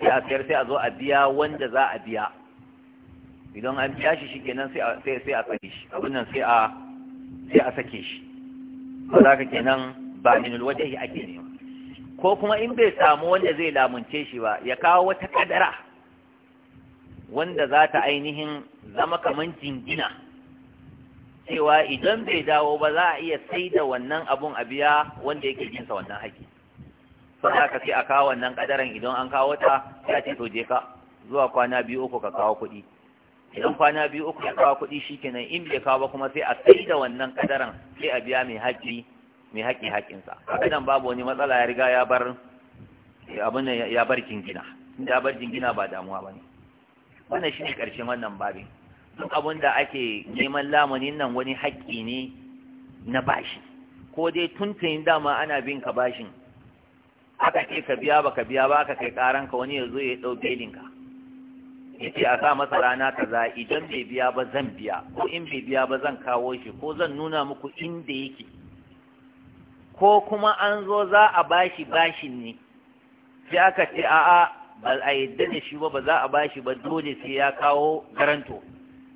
Speaker 1: sai a sayar sai a zo a biya wanda za a biya idan an biya shi shi kenan sai a shi abin nan sai a sai sake shi ba za ka kenan ba minul wajhi ake ne ko kuma in bai samu wanda zai lamunce shi ba ya kawo wata kadara wanda za ta ainihin zama kaman jingina cewa idan bai dawo ba za a iya sai da wannan abun a biya wanda yake jinsa wannan haƙi Ba za aka sai a kawo wannan ƙadaran idan an kawo ta ya ce to je ka zuwa kwana biyu uku ka kawo kuɗi idan kwana biyu uku ya kawo kuɗi shi kenan in bai kawo ba kuma sai a sai da wannan kadaran sai a biya mai haƙi mai haƙi haƙinsa haka nan babu wani matsala ya riga ya bar abin ya bar jingina ya bar jingina ba damuwa ba ne wannan shi ne ƙarshen wannan babin duk abin da ake neman lamunin nan wani haƙƙi ne na bashi ko dai tuntunin dama ana bin ka bashin aka ce ka biya ba ka biya ba ka kai karanka wani ya zo ya dau belinka yace a sa masa rana kaza idan bai biya ba zan biya ko in bai biya ba zan kawo shi ko zan nuna muku inda yake ko kuma an zo za a bashi bashin ne sai aka ce a'a bal a yadda da shi ba ba za a bashi ba dole sai ya kawo garanto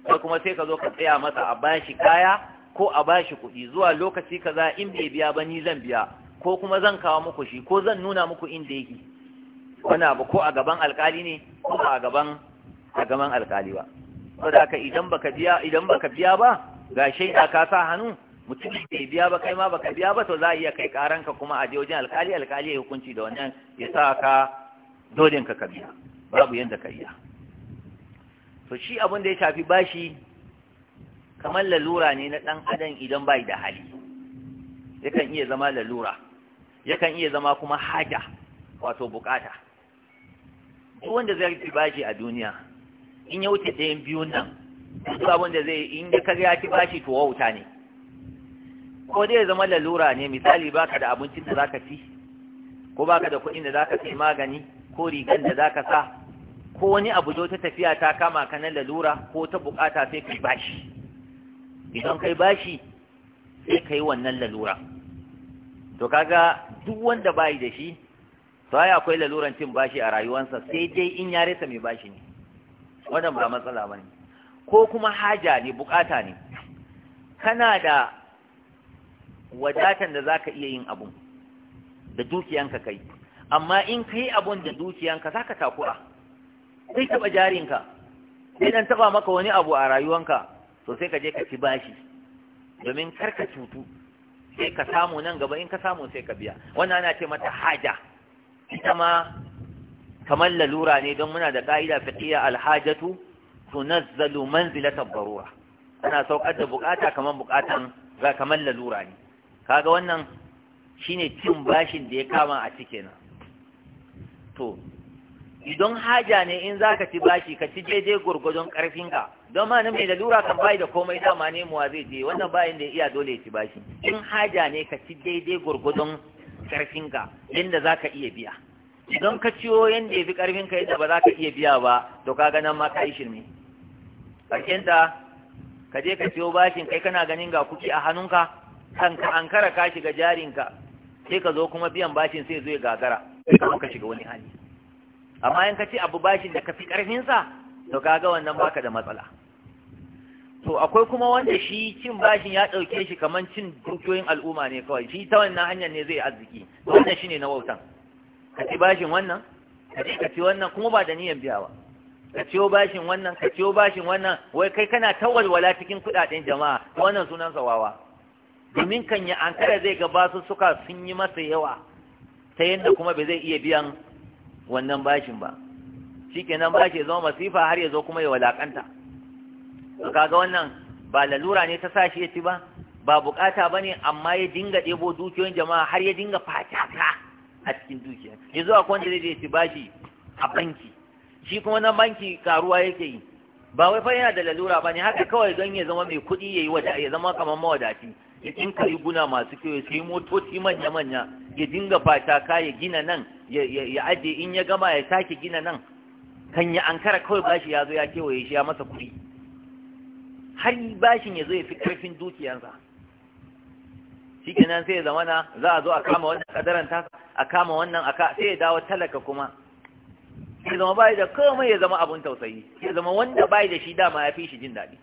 Speaker 1: sai kuma sai ka zo ka tsaya masa a bashi kaya ko a bashi kuɗi zuwa lokaci kaza in bai biya ba ni zan biya ko kuma zan kawo muku shi ko zan nuna muku inda yake wani abu ko a gaban alkali ne ko a gaban a gaban alkali ba saboda haka idan baka biya idan baka biya ba ga shaida ka sa hannu mutum bai biya ba kai ma baka biya ba to za a iya kai karanka kuma a je wajen alkali alkali ya hukunci da wannan ya sa ka dolin ka biya babu yanda ka iya to shi abin da ya shafi bashi kamar lalura ne na dan adam idan bai da hali yakan iya zama lalura yakan iya zama kuma haja wato bukata duk wanda zai fi bashi a duniya in ya wuce ɗayan biyun nan su abin da zai in ya karya ki bashi to wauta ne ko dai zama lalura ne misali baka da abincin da zaka ci ko baka da kuɗin da zaka sai magani ko rigan da zaka sa ko wani abu ta tafiya ta kama ka na lalura ko ta bukata sai kai bashi idan kai bashi sai kai wannan lalura to kaga duk wanda bai da shi to ai akwai laluran cin bashi a rayuwarsa sai dai in ya rasa mai bashi ne wannan ba matsala ba ne ko kuma haja ne bukata ne kana da wadatan da zaka iya yin abun da dukiyanka kai amma in ka yi abun da dukiyanka za ka takura sai taɓa jarinka sai dan taɓa maka wani abu a rayuwanka to sai ka je ka ci bashi domin kar ka cutu sai ka samu nan gaba in ka samu sai ka biya wannan ana ce mata haja ita ma kamar lalura ne don muna da ƙa'ida ƙiya alhajatu tunazzalu manzilata barura ana saukar da bukata kamar bukatan ga kamar lalura ne kaga wannan shine cin bashin da ya kama a cike na to idan haja ne in za ka ci bashi ka ci daidai gurgudun ƙarfinka don ma na mai lalura kan bai da komai dama ne muwa zai je wannan bayan da iya dole ya ci bashi in haja ne ka ci daidai gurgudun ƙarfinka inda ka iya biya idan ka ciwo yadda ya fi ƙarfin ka yadda ba za ka iya biya ba to ka ganin ma ka yi shirme kenta ka je ka ciwo bashin kai kana ganin ga kuki a hannunka kanka an kara ka shiga jarinka sai ka zo kuma biyan bashin sai zo ya gagara kuma ka shiga wani hali amma in ka ci abu bashin da ka fi ƙarfinsa to kaga wannan baka da matsala to akwai kuma wanda shi cin bashin ya ɗauke shi kamar cin dukiyoyin al'umma ne kawai shi ta wannan hanyar ne zai arziki wannan shi ne na wautan ka ci bashin wannan ka ci ka ci wannan kuma ba da niyan biya ka ciyo bashin wannan ka ciyo bashin wannan wai kai kana tawalwala cikin kudaden jama'a wannan sunan sawawa domin kan ya kada zai ga basu suka sun yi masa yawa ta yadda kuma bai zai iya biyan wannan bashin ba shikenan bashi ya zama masifa har ya zo kuma ya walakanta Ka kaga wannan ba lalura ne ta sa shi ya ci ba ba bukata ne amma ya dinga ɗebo dukiyoyin jama'a har ya dinga fataka a cikin dukiya yanzu akwai wanda zai je ci bashi a banki shi kuma na banki karuwa yake yi ba wai fa yana da lalura ba ne haka kawai don ya zama mai kuɗi ya yi wada ya zama kamar mawadaci ya dinka riguna masu kyau ya sayi motoci manya-manya ya dinga fataka ya gina nan ya aje in ya gama ya sake gina nan kan ya ankara kawai bashi ya zo ya kewaye shi ya masa kuɗi har bashin ya zo ya fi ƙarfin dukiyarsa shikenan sai ya na za a zo a kama wannan kadaran ta a kama wannan aka sai ya dawo talaka kuma ya zama bai da komai ya zama abun tausayi ya zama wanda bai da shi dama ya fi shi jin daɗi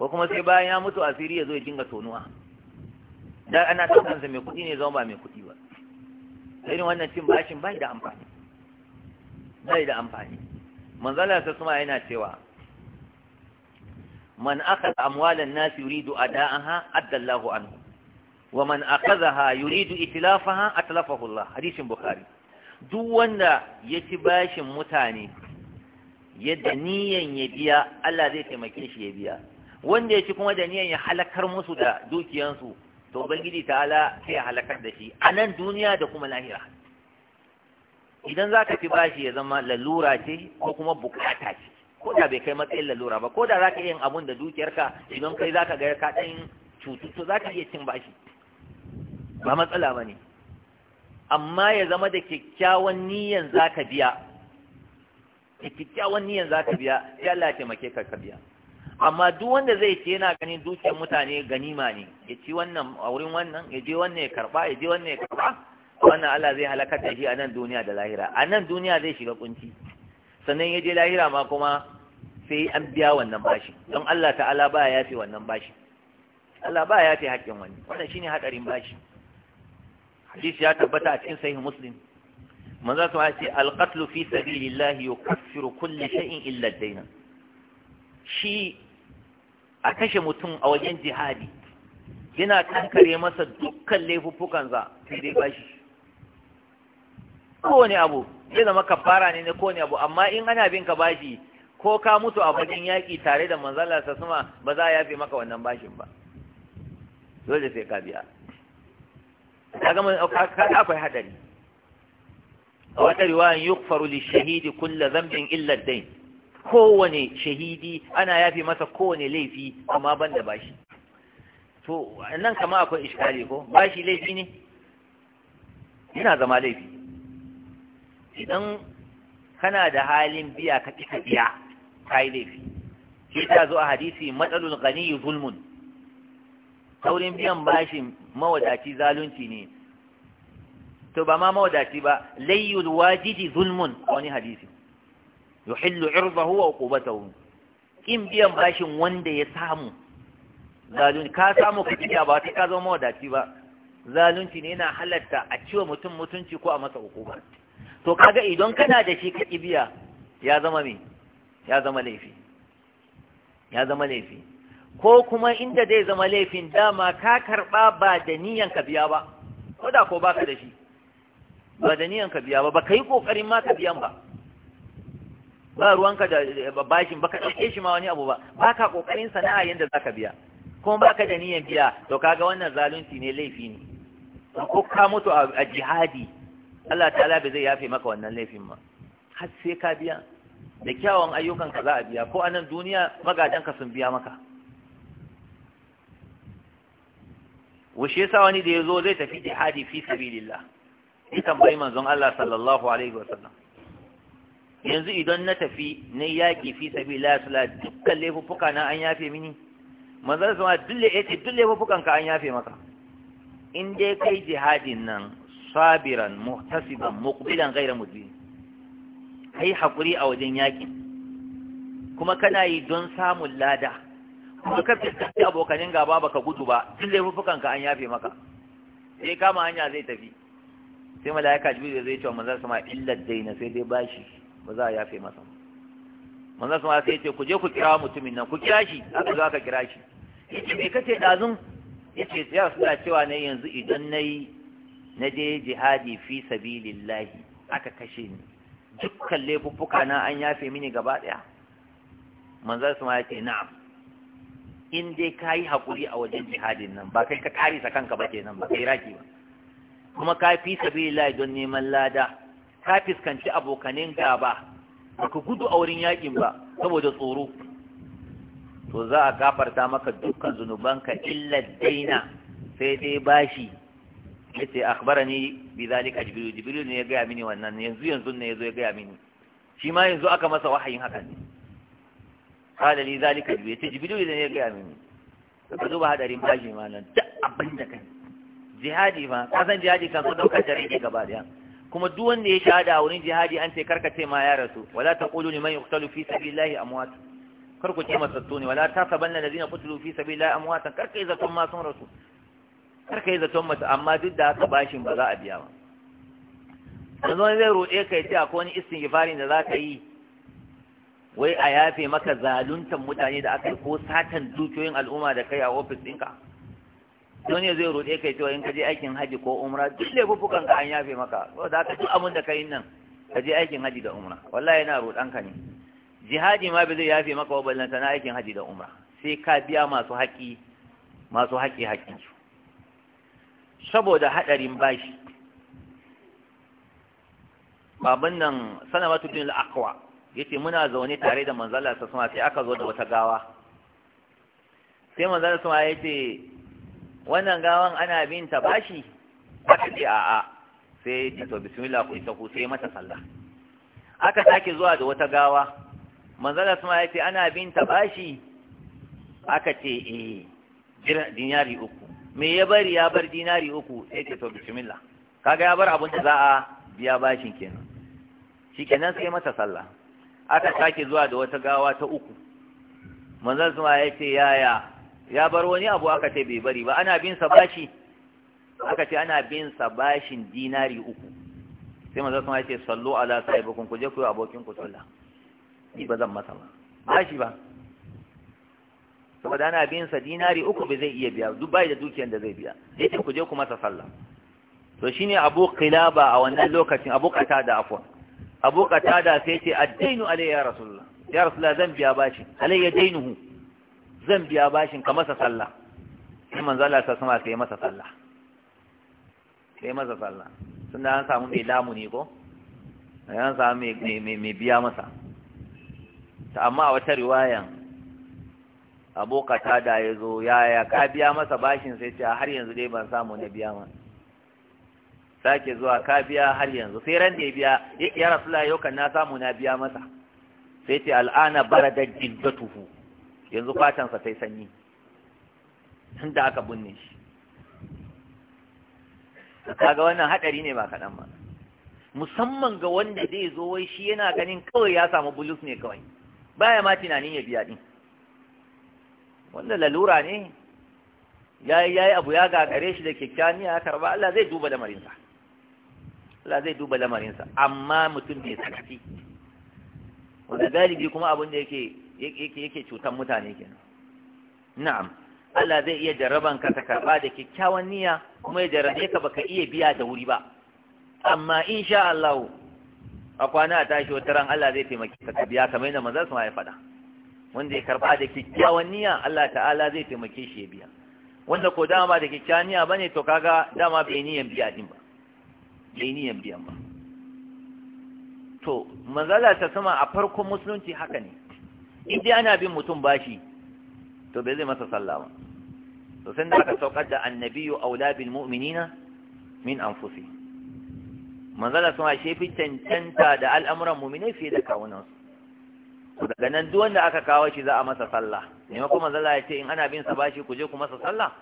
Speaker 1: ko kuma sai bayan ya mutu asiri ya zo ya dinga tonuwa da ana sa mai kuɗi ne zama ba mai kuɗi ba irin wannan cin bashin bai da amfani bai da amfani manzala ta suma yana cewa man aka amwalan nasi yuridu ada'aha addallahu anhu wa man aqadhaha yuridu itlafaha atlafahu Allah hadisin bukhari duk wanda ya ci bashin mutane yadda niyan ya biya Allah zai taimake shi ya biya wanda ya ci kuma da niyan ya halakar musu da dukiyansu to ubangiji ta'ala sai ya halakar da shi a nan duniya da kuma lahira idan za ka ci bashi ya zama lalura ce ko kuma bukata ce ko da bai kai matsayin lalura ba ko da za ka yin abun da dukiyarka idan kai za ka ga ka ɗan za ka iya cin bashi ba matsala ba ne amma ya zama da kyakkyawan niyan za ka biya da kyakkyawan niyan za ka biya ya lafi make ka ka biya amma duk wanda zai ce yana ganin dukiyar mutane ganima ne ya ci wannan a wurin wannan ya je wannan ya karba ya je wannan ya karba wannan Allah zai halakar da shi a nan duniya da lahira a nan duniya zai shiga kunci sannan ya je lahira ma kuma sai an biya wannan bashi don Allah ta'ala ba ya yafe wannan bashi Allah ba ya yafe haƙƙin wani wannan shine haƙarin bashi hadisi ya tabbata a cikin sahih muslim manzo ya ce alqatlu fi sabilillahi yukaffiru kulli shay'in illa ad-dayn shi a kashe mutum a wajen jihadi yana kankare masa dukkan laifuffukansa sai dai bashi Ko ne abu zai zama kafara ne ko ne abu amma in ana bin ka bashi ko ka mutu a bakin yaƙi tare da manzala sa suma ba za a yafe maka wannan bashin ba dole sai ka biya akwai haɗari. a wata riwayan yughfaru lishahidi kullu dhanbin illa ad-dayn kowane shahidi ana yafi masa kowane laifi amma da bashi to nan kama akwai iskali ko bashi laifi ne yana zama laifi idan kana da halin biya ka kika biya kai laifi shi ta zo a hadisi matsalul ghani zulmun saurin biyan bashin mawadaci zalunci ne to ba ma mawadaci ba layyul wajidi zulmun wani hadisi yuhillu irzahu wa uqubatahu kin biyan bashin wanda ya samu zalunci ka samu kuɗi ba ta ka zama mawadaci ba zalunci ne yana halatta a ciwo mutum mutunci ko a masa hukuma to kaga idan kana da shi ka biya. ya zama me ya zama laifi ya zama laifi ko kuma inda zai zama laifin dama ka karɓa ba da niyan ka biya ba ko da ko baka da shi ba da niyan ka biya ba ba ka yi ƙoƙarin ma ka biyan ba ba ruwanka da bashin ba ka ɗauke shi ma wani abu ba ba ka ƙoƙarin sana'a yadda za ka biya kuma ba ka da niyan biya to kaga wannan zalunci ne laifi ne ko ka mutu a jihadi Allah ta'ala bai zai yafe maka wannan laifin ma har sai ka biya da kyawun ayyukanka za a biya ko a nan duniya magadanka sun biya maka washe yasa wani da ya zo zai tafi jihadi fi sabilillah ya tambayi manzon Allah sallallahu alaihi wasallam yanzu idan na tafi na yaki fi sabilillah sala dukkan laifuffuka na an yafe mini manzon sama dole ya ce dole laifuffukan ka an yafe maka in dai kai jihadin nan sabiran muhtasiban muqbilan ghayra mudbin kai hakuri a wajen yaƙi kuma kana yi don samun lada kuma ka fuskanci abokanin gaba baka gudu ba duk laifukan ka an yafe maka sai kama hanya zai tafi sai malaika jibril zai ce manzon sama illa daina sai dai bashi ba za a yafe masa manzon sama sai ce ku je ku kira mutumin nan ku kira shi aka zo aka kira shi yace me kace dazun yace ya suna cewa ne yanzu idan nayi na je jihadi fi sabilillahi aka kashe ni dukkan laifuffuka na an yafe mini gaba daya manzon sama ya ce na'am in dai ka yi haƙuri a wajen jihadin nan ba kai ka kare sa kanka ba kenan ba kai raki ba kuma ka fi lai don neman lada ka fiskanci abokanin gaba ba ka gudu a wurin yakin ba saboda tsoro to za a gafarta maka dukkan zunubanka illa daina sai dai bashi yace akhbarani bi zalika jibril jibril ne ya gaya mini wannan yanzu yanzu ne yazo ya gaya mini shi ma yanzu aka masa wahayin haka ne kada li zalika jibril yace jibril idan ya gaya mini ka zo ba hadarin bashi ma nan duk abin da kai jihadi ma ka san jihadi kan so daukar jarike gaba daya kuma duk wanda ya shahada a wurin jihadi an ce ce ma ya rasu wala taqulu liman yuqtalu fi sabilillahi amwat kar ku ce masattu ne wala tasabanna alladhina qutilu fi sabilillahi amwat kar kai zaton ma sun rasu kar kai zaton mata amma duk da haka bashin ba za a biya ba yanzu wani zai roɗe ka ya ce akwai wani istighfarin da za ka yi wai a yafe maka zaluntan mutane da aka ko satan dukiyoyin al'umma da kai a ofis ɗinka don ne zai roɗe kai cewa in ka je aikin haji ko umra duk laifukan ka an yafe maka saboda haka duk abin da kai nan ka je aikin haji da umra wallahi yana roɗan ka ne jihadi ma bai zai yafe maka ba ballan na aikin haji da umra sai ka biya masu haƙi masu haƙi haƙin su saboda haɗarin bashi baban nan sanamatu bin al-aqwa yace muna zaune tare da manzala ta wasallam sai aka zo da wata gawa sai manzala sama yace wannan gawan ana bin ta bashi aka ce a'a sai ya to bismillah ku isa ku sai mata sallah aka sake zuwa da wata gawa manzala sama yace ana bin ta bashi aka ce eh dinari uku me ya bari ya bar dinari uku sai ce to bismillah kaga ya bar abin da za a biya bashin kenan shikenan sai mata sallah aka sake zuwa da wata gawa ta uku manzon sama ya ce yaya ya bar wani abu aka ce bai bari ba ana bin sa bashi aka ce ana bin sa bashin dinari uku sai manzon sama ya ce sallu ala sahibikum ku je ku yi abokin ku sallah ni ba zan masa ba bashi ba saboda ana bin sa dinari uku bai zai iya biya duk bai da dukiyar da zai biya sai ku je ku masa sallah to shine Abu Qilaba a wannan lokacin Abu Qatada afwan abu da sai ce ad-dainu alayya rasulullah ya rasulullah zan biya bashin alayya dainuhu zan biya bashin ka masa sallah sai manzo Allah ta sama sai masa sallah sai masa sallah tunda an samu mai ne ko an samu mai mai biya masa ta amma a wata riwayan abokata da ya zo yaya ka biya masa bashin sai ce har yanzu dai ban samu na biya masa sake zuwa ka biya har yanzu sai ran da ya biya ya rasulullahi yau kan na samu na biya masa sai ce al'ana baradar tuhu yanzu fatansa sai sanyi da aka binne shi kaga wannan hadari ne ba kaɗan ba musamman ga wanda zai zo wai shi yana ganin kawai ya samu bulus ne kawai baya ma tunanin ya biya din wanda lalura ne ya yi abu ya gagare shi da kyakkyawan ya karba Allah zai duba da lamarinsa Allah zai duba lamarinsa amma mutum bai sakaci wanda galibi kuma abin da yake yake cutan mutane kenan na'am Allah zai iya jaraban ka ta karba da kyakkyawan niyya kuma ya jarabe ka baka iya biya da wuri ba amma insha Allah a kwana a tashi wata ran Allah zai taimake ka biya kamar yadda manzon sa ya faɗa wanda ya karba da kyakkyawan niyya Allah ta'ala zai taimake shi ya biya wanda ko dama da kyakkyawan niyya bane to kaga dama bai niyan biya din ba bai biyan ba to manzala ta sama a farkon musulunci haka ne idan ana bin mutum bashi to bai zai masa sallah ba to sai da aka saukar da annabiyu aula bil mu'minina min anfusi manzala sama shi fi tantanta da al'amuran mu'minai fiye da kawunan su daga nan duk wanda aka kawo shi za a masa sallah ne kuma manzala ya ce in ana bin sa bashi ku je ku masa sallah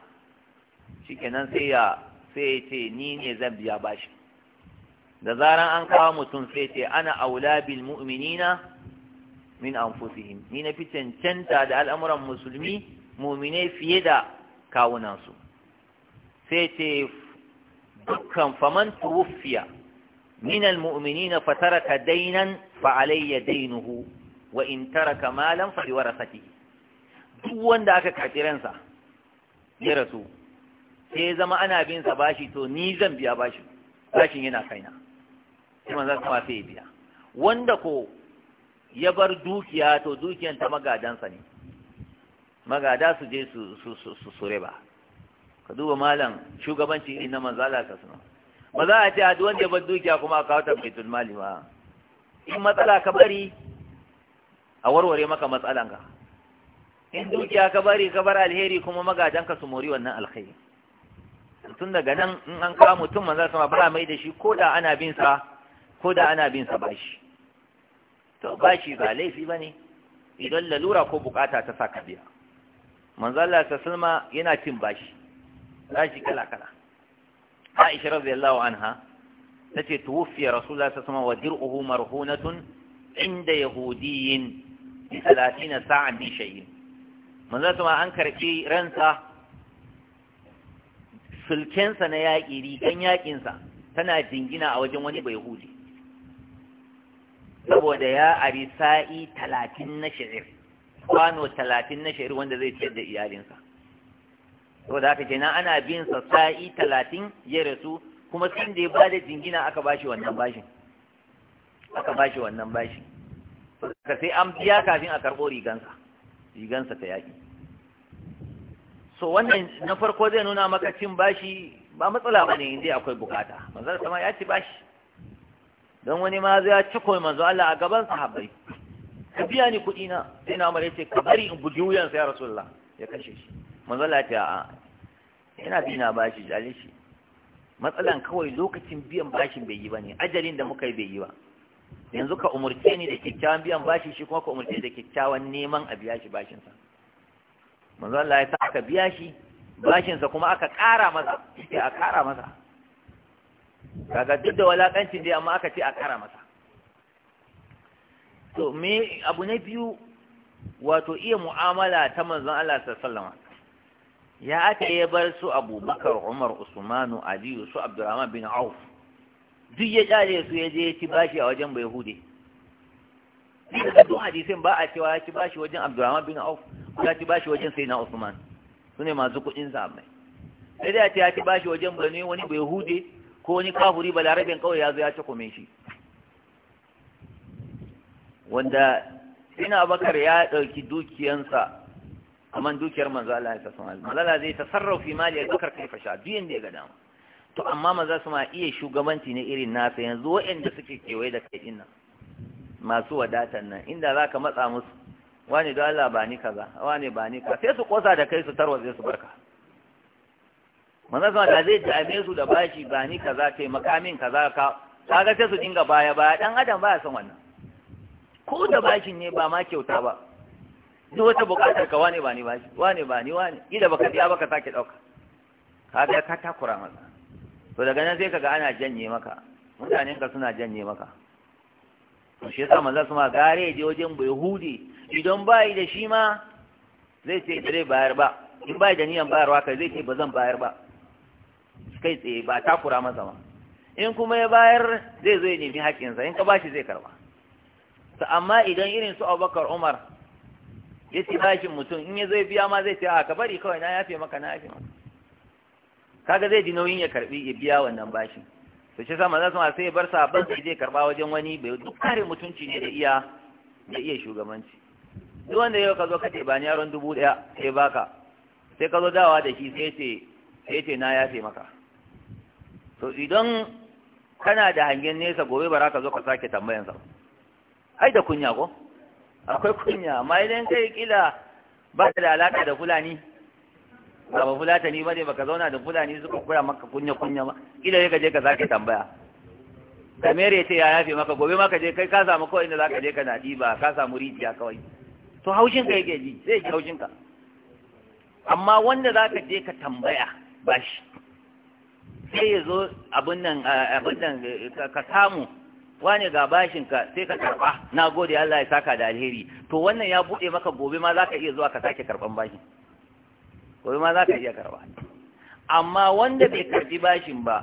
Speaker 1: shikenan sai ya sai ya ce ni ne zan biya bashi da zaran an kawo mutum sai ce ana aula bil mu'minina min anfusihim ni na fi cancanta da al'amuran musulmi mu'mine fiye da kawunansu sai ce dukkan faman tuwuffiya min almu'minina fataraka dainan fa alayya dainuhu wa in taraka malan fa biwarasatihi duk wanda aka karɓi ransa ya rasu sai zama ana bin sa bashi to ni zan biya bashi bashin yana kaina Kuma zan sama sai biya wanda ko ya bar dukiya to dukiyan ta magadansa ne magada su je su su su su riba ka duba malam shugabanci irin na manzala ka suna. ba za a ce a duk wanda ya bar dukiya kuma a kawo ta baitul mali ba in matsala ka bari a warware maka matsalan ka in dukiya ka bari ka bar alheri kuma magadan ka su mori wannan alkhairi tun daga nan in an kawo mutum manzala sama ba mai da shi ko da ana bin sa ko da ana bin sa bashi to bashi ba laifi ba ne idan lalura ko bukata ta sa ka biya manzala ta salma yana cin bashi bashi kala kala aisha radiyallahu anha tace tuwfiya rasulullah sallallahu alaihi wasallam wa dir'uhu marhunatun inda yahudiyyin 30 sa'an bi shay'in manzala ta an karbi ransa sulkensa na yaƙi rikan yaƙinsa tana jingina a wajen wani bai hudi saboda ya ari sa'i talatin na shi'ir kwano talatin na shi'ir wanda zai ciyar da iyalinsa da haka kenan ana bin sa sa'i talatin ya rasu kuma sun da ya ba da jingina aka bashi wannan bashin aka bashi wannan bashi ka sai an biya kafin a karɓo rigansa rigansa ta yaƙi so wannan na farko zai nuna maka cin bashi ba matsala ba ne inda akwai bukata manzan sama ya ci bashi don wani ma zai ci koyi manzo Allah a gaban sahabbai ka biya ni kuɗi na sai na mare ce ka bari in bugi wuyan sai rasulullah ya kashe shi manzo Allah ya a ina bi na bashi jale shi matsalan kawai lokacin biyan bashin bai yi bane ajalin da muka yi bai yi ba yanzu ka umurce ni da kyakkyawan biyan bashi shi kuma ka umurce da kyakkyawan neman a biya shi bashin sa manzo Allah ya sa aka biya shi bashin sa kuma aka ƙara masa sai a ƙara masa kaga duk da walakancin dai amma aka ce a kara masa to me abu na biyu wato iya mu'amala ta manzon Allah sallallahu alaihi ya aka ya bar su Abubakar Umar Usmanu Aliyu su Abdurrahman bin Auf duk ya kare su ya je ya ci bashi a wajen Bayahude daga duk hadisin ba a cewa ya ci bashi wajen Abdurrahman bin Auf ya ci bashi wajen Sayyidina Usman sune masu kuɗin zamai sai da ya ce ya ci bashi wajen Bani wani hude. ko wani kafuri larabin kawai ya zo ya cakome shi wanda ina bakar ya ɗauki dukiyansa amma dukiyar manzo Allah ya san Allah Allah zai tasarrufi mali ya bakar kai fasha biyan da ya ga dama to amma maza su ma iya shugabanci ne irin nasa yanzu waɗanda suke kewaye da kai dinnan masu wadatan nan inda zaka matsa musu wani da Allah ba ni kaza wani ba ni ka sai su kosa da kai su tarwatse su barka manzo sama da zai dame su da bashi ba ni kaza taimaka min kaza ka kaga sai su dinga baya baya dan adam baya san wannan ko da bashi ne ba ma kyauta ba ni wata buƙatar ka wane ba ni bashi wane ba ni wane ida baka biya baka sake dauka kaga ka takura masa to daga nan sai kaga ana janye maka mutanen ka suna janye maka to shi yasa manzo ma gare je wajen hude idan bai da shi ma zai ce dare bayar ba in bai da niyan bayarwa kai zai ce ba zan bayar ba kai tsaye ba takura masa ba in kuma ya bayar zai zo ya nemi haƙƙinsa in ka bashi zai karba ta amma idan irin su abubakar umar ya ci bashin mutum in ya zo ya biya ma zai ce a ka bari kawai na yafe maka na yafe maka kaga zai ji nauyin ya karbi ya biya wannan bashin to shi sama za su ma sai bar sabon sai zai karba wajen wani bai duk kare mutunci ne da iya da iya shugabanci duk wanda yau ka zo ka ce ba ni yaron dubu ɗaya sai baka sai ka zo dawa da shi sai ce sai ce na yafe maka to idan kana da hangen nesa gobe ba za ka zo ka sake tambayansa ai da kunya ko akwai kunya amma idan kai kila ba da alaka da fulani ba fulata ni ba ne ba ka zauna da fulani suka koya maka kunya kunya ba kila ya gaje ka sake tambaya kamar ya ce ya yafe maka gobe maka je kai ka samu kawai inda za ka je ka na ba ka samu rijiya kawai to haushinka yake ji zai ji haushinka amma wanda za ka je ka tambaya ba shi sai ya zo abin nan eh, ka samu wane ga bashinka sai ka karba na gode Allah ya saka da alheri to wannan ya buɗe maka gobe ma za ka iya zuwa ka sake karban bashin gobe ma za ka iya karba, amma wanda bai karbi bashin ba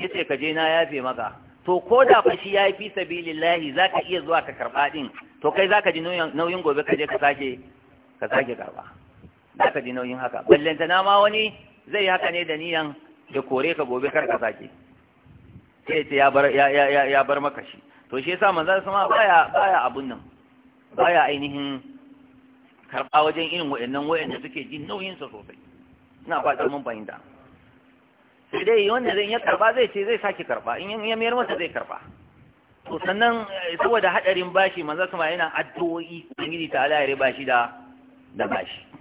Speaker 1: ya ce ka je na yafe maka to ko da fa shi ya fi sabilillahi za ka iya zuwa ka karba din, to kai za ka ji nauyin gobe ka je ka sake ka sake karba za ka ji nauyin haka ballantana ma wani zai yi haka ne da niyan ya kore ka gobe kar ka sake sai ce ya bar ya ya ya bar maka shi to shi yasa manzo sama baya baya abun nan baya ainihin karba wajen irin wayannan wayanda suke jin nauyin sa sosai ina ba mun fahimta sai dai wanda zai ya karba zai ce zai sake karba in ya mayar masa zai karba to sannan eh, saboda hadarin bashi manzo sama yana addu'o'i ubangiji ta Allah ya riba shi da da bashi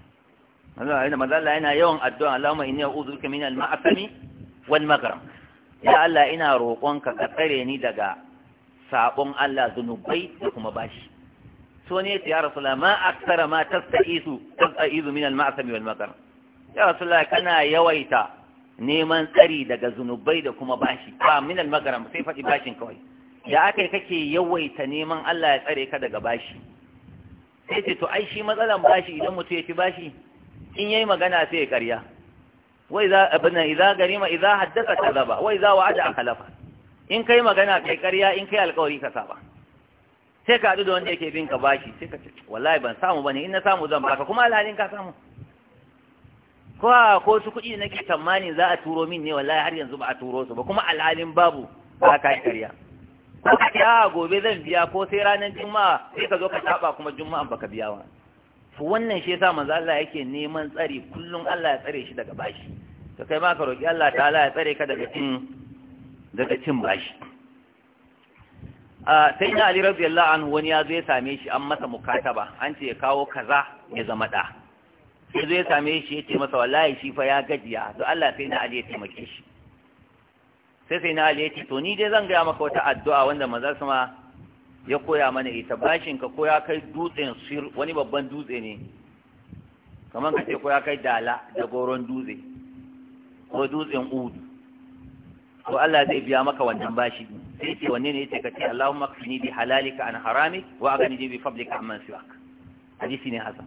Speaker 1: manzo Allah yana yawan addu'a Allahumma inni a'udhu bika min al-ma'asami wal maghram ya Allah ina roƙonka ka tsare ni daga sabon Allah zunubai da kuma bashi so ne ya rasula ma aksara ma tasta'izu tasta'izu min al-ma'asami wal maghram ya rasula kana yawaita neman tsari daga zunubai da kuma bashi ba min al sai faɗi bashin kawai ya aka akai kake yawaita neman Allah ya tsare ka daga bashi sai ce to ai shi matsalan bashi idan mutum ya ci bashi in yayi magana sai ya ƙarya wa idza abna idza garima idza haddatha kadhaba wa za wa'ada akhlafa in kai magana kai ƙarya in kai alƙawari ka saba sai ka haɗu da wanda yake bin ka bashi sai ka ce wallahi ban samu bane in na samu zan baka kuma alhalin ka samu ko ko su kuɗi da nake tsammanin za a turo min ne wallahi har yanzu ba a turo su ba kuma alhalin babu ba ka yi ƙarya ko ka ce a gobe zan biya ko sai ranar juma'a sai ka zo ka saba kuma ba baka biya wa su wannan shi yasa manzo Allah yake neman tsari kullum Allah ya tsare shi daga bashi to kai ma ka roki Allah ta'ala ya tsare ka daga cin daga cin bashi a ah, sai na Ali radiyallahu anhu wani ya zo ya same shi an masa mukataba an ce ya kawo kaza ya zama da sai zo ya same shi ya ce masa wallahi shi fa ya gajiya to Allah sai na Ali ya taimake shi sai sai na Ali ya ce to ni dai zan ga maka wata addu'a wanda manzo sama ya koya mana ita bashin ka ko ya kai dutsen sir wani babban dutse ne kamar ka ce ko ya kai dala da goron dutse ko dutsen udu ko Allah zai biya maka wannan bashi sai ce wanne ne yace ka ce Allahumma kfini bi halalika an harami wa aghni bi fadlika amma siwak hadisi ne hasan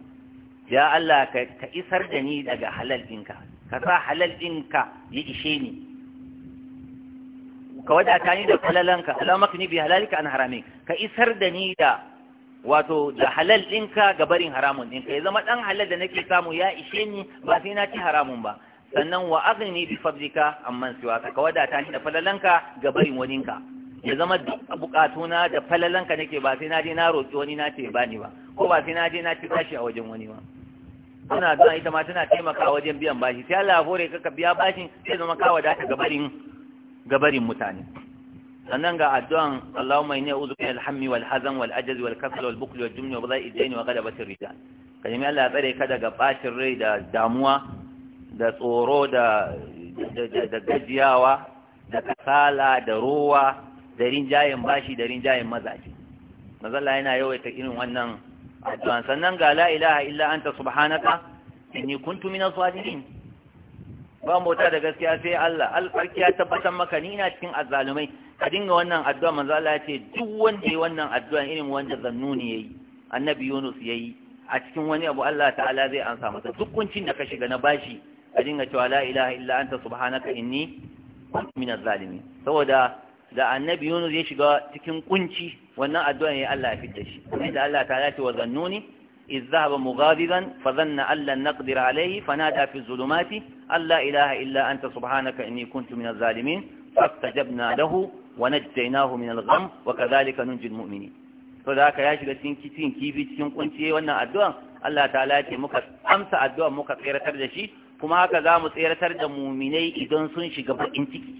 Speaker 1: ya Allah ka isar da ni daga halal dinka ka sa halal dinka ya ishe ni ka wadata ni da falalanka alamaka ni bi halalika an harami ka isar da ni da wato da halal ɗinka ga barin haramun ɗinka ya zama ɗan halal da nake samu ya ishe ni ba sai na ci haramun ba sannan wa azni bi fadlika amman siwa ka wadata ni da falalanka ga barin waninka ya zama duk bukatuna da falalanka nake ba sai na je na roƙi wani na ce bani ba ko ba sai na je na ci bashi a wajen wani ba Kuna zuwa ita ma tana taimaka wajen biyan bashi sai Allah ya hore ka ka biya bashin sai zama ka wadata ga barin gabarin mutane sannan ga addu'an Allahumma mai a'udhu bika al-hammi wal hazan wal ajzi wal kasal wal bukli wal jumni wa ghada'i ad wa ghadabati ar-rijal kalimi Allah ya tsare ka daga bacin rai da damuwa da tsoro da da gajiyawa da kasala da ruwa da rinjayen bashi da rinjayen mazaje mazalla yana yawaita irin wannan addu'an sannan ga la ilaha illa anta subhanaka inni kuntu ba mota da gaskiya sai Allah alfarki ya tabbatar maka ni ina cikin azzalumai ka dinga wannan addu'a manzo Allah ya ce duk wanda yayi wannan addu'a irin wanda zannuni yayi annabi Yunus yayi a cikin wani abu Allah ta'ala zai ansa masa duk kuncin da ka shiga na bashi ka dinga cewa la ilaha illa anta subhanaka inni kuntu minaz zalimin saboda da annabi Yunus ya shiga cikin kunci wannan addu'a yayi Allah ya fitar shi da Allah ta'ala ce wa zannuni إذ ذهب مغاضبا فظن أن لن نقدر عليه فنادى في الظلمات أن لا إله إلا أنت سبحانك إني كنت من الظالمين فاستجبنا له ونجيناه من الغم وكذلك ننجي المؤمنين فذاك يا شيخ cikin kitin kifi cikin kunci wannan addu'a Allah ta'ala ce muka addu'an addu'a muka tsiratar da shi kuma haka zamu tsayartar da mu'minai idan sun shiga bakin ciki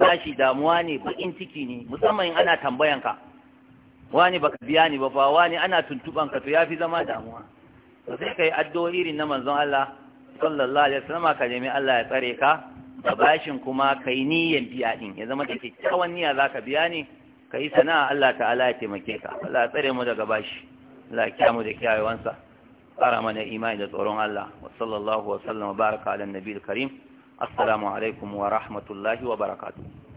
Speaker 1: bashi damuwa ne bakin ciki ne musamman ana tambayanka wani baka biya ni ba fa wani ana tuntuban ka to yafi zama damuwa to sai kai addu'o'i irin na manzon Allah sallallahu alaihi wasallam ka nemi Allah ya tsare ka da bashin kuma kai niyyan biya din ya zama take kawan niyya zaka biya ni kai sana'a Allah ta'ala ya taimake ka Allah ya tsare mu daga bashi Allah ya kiyamu da kiyayewansa tsara mana imani da tsoron Allah wa sallallahu wa sallama baraka ala nabiyil karim assalamu alaikum wa rahmatullahi wa barakatuh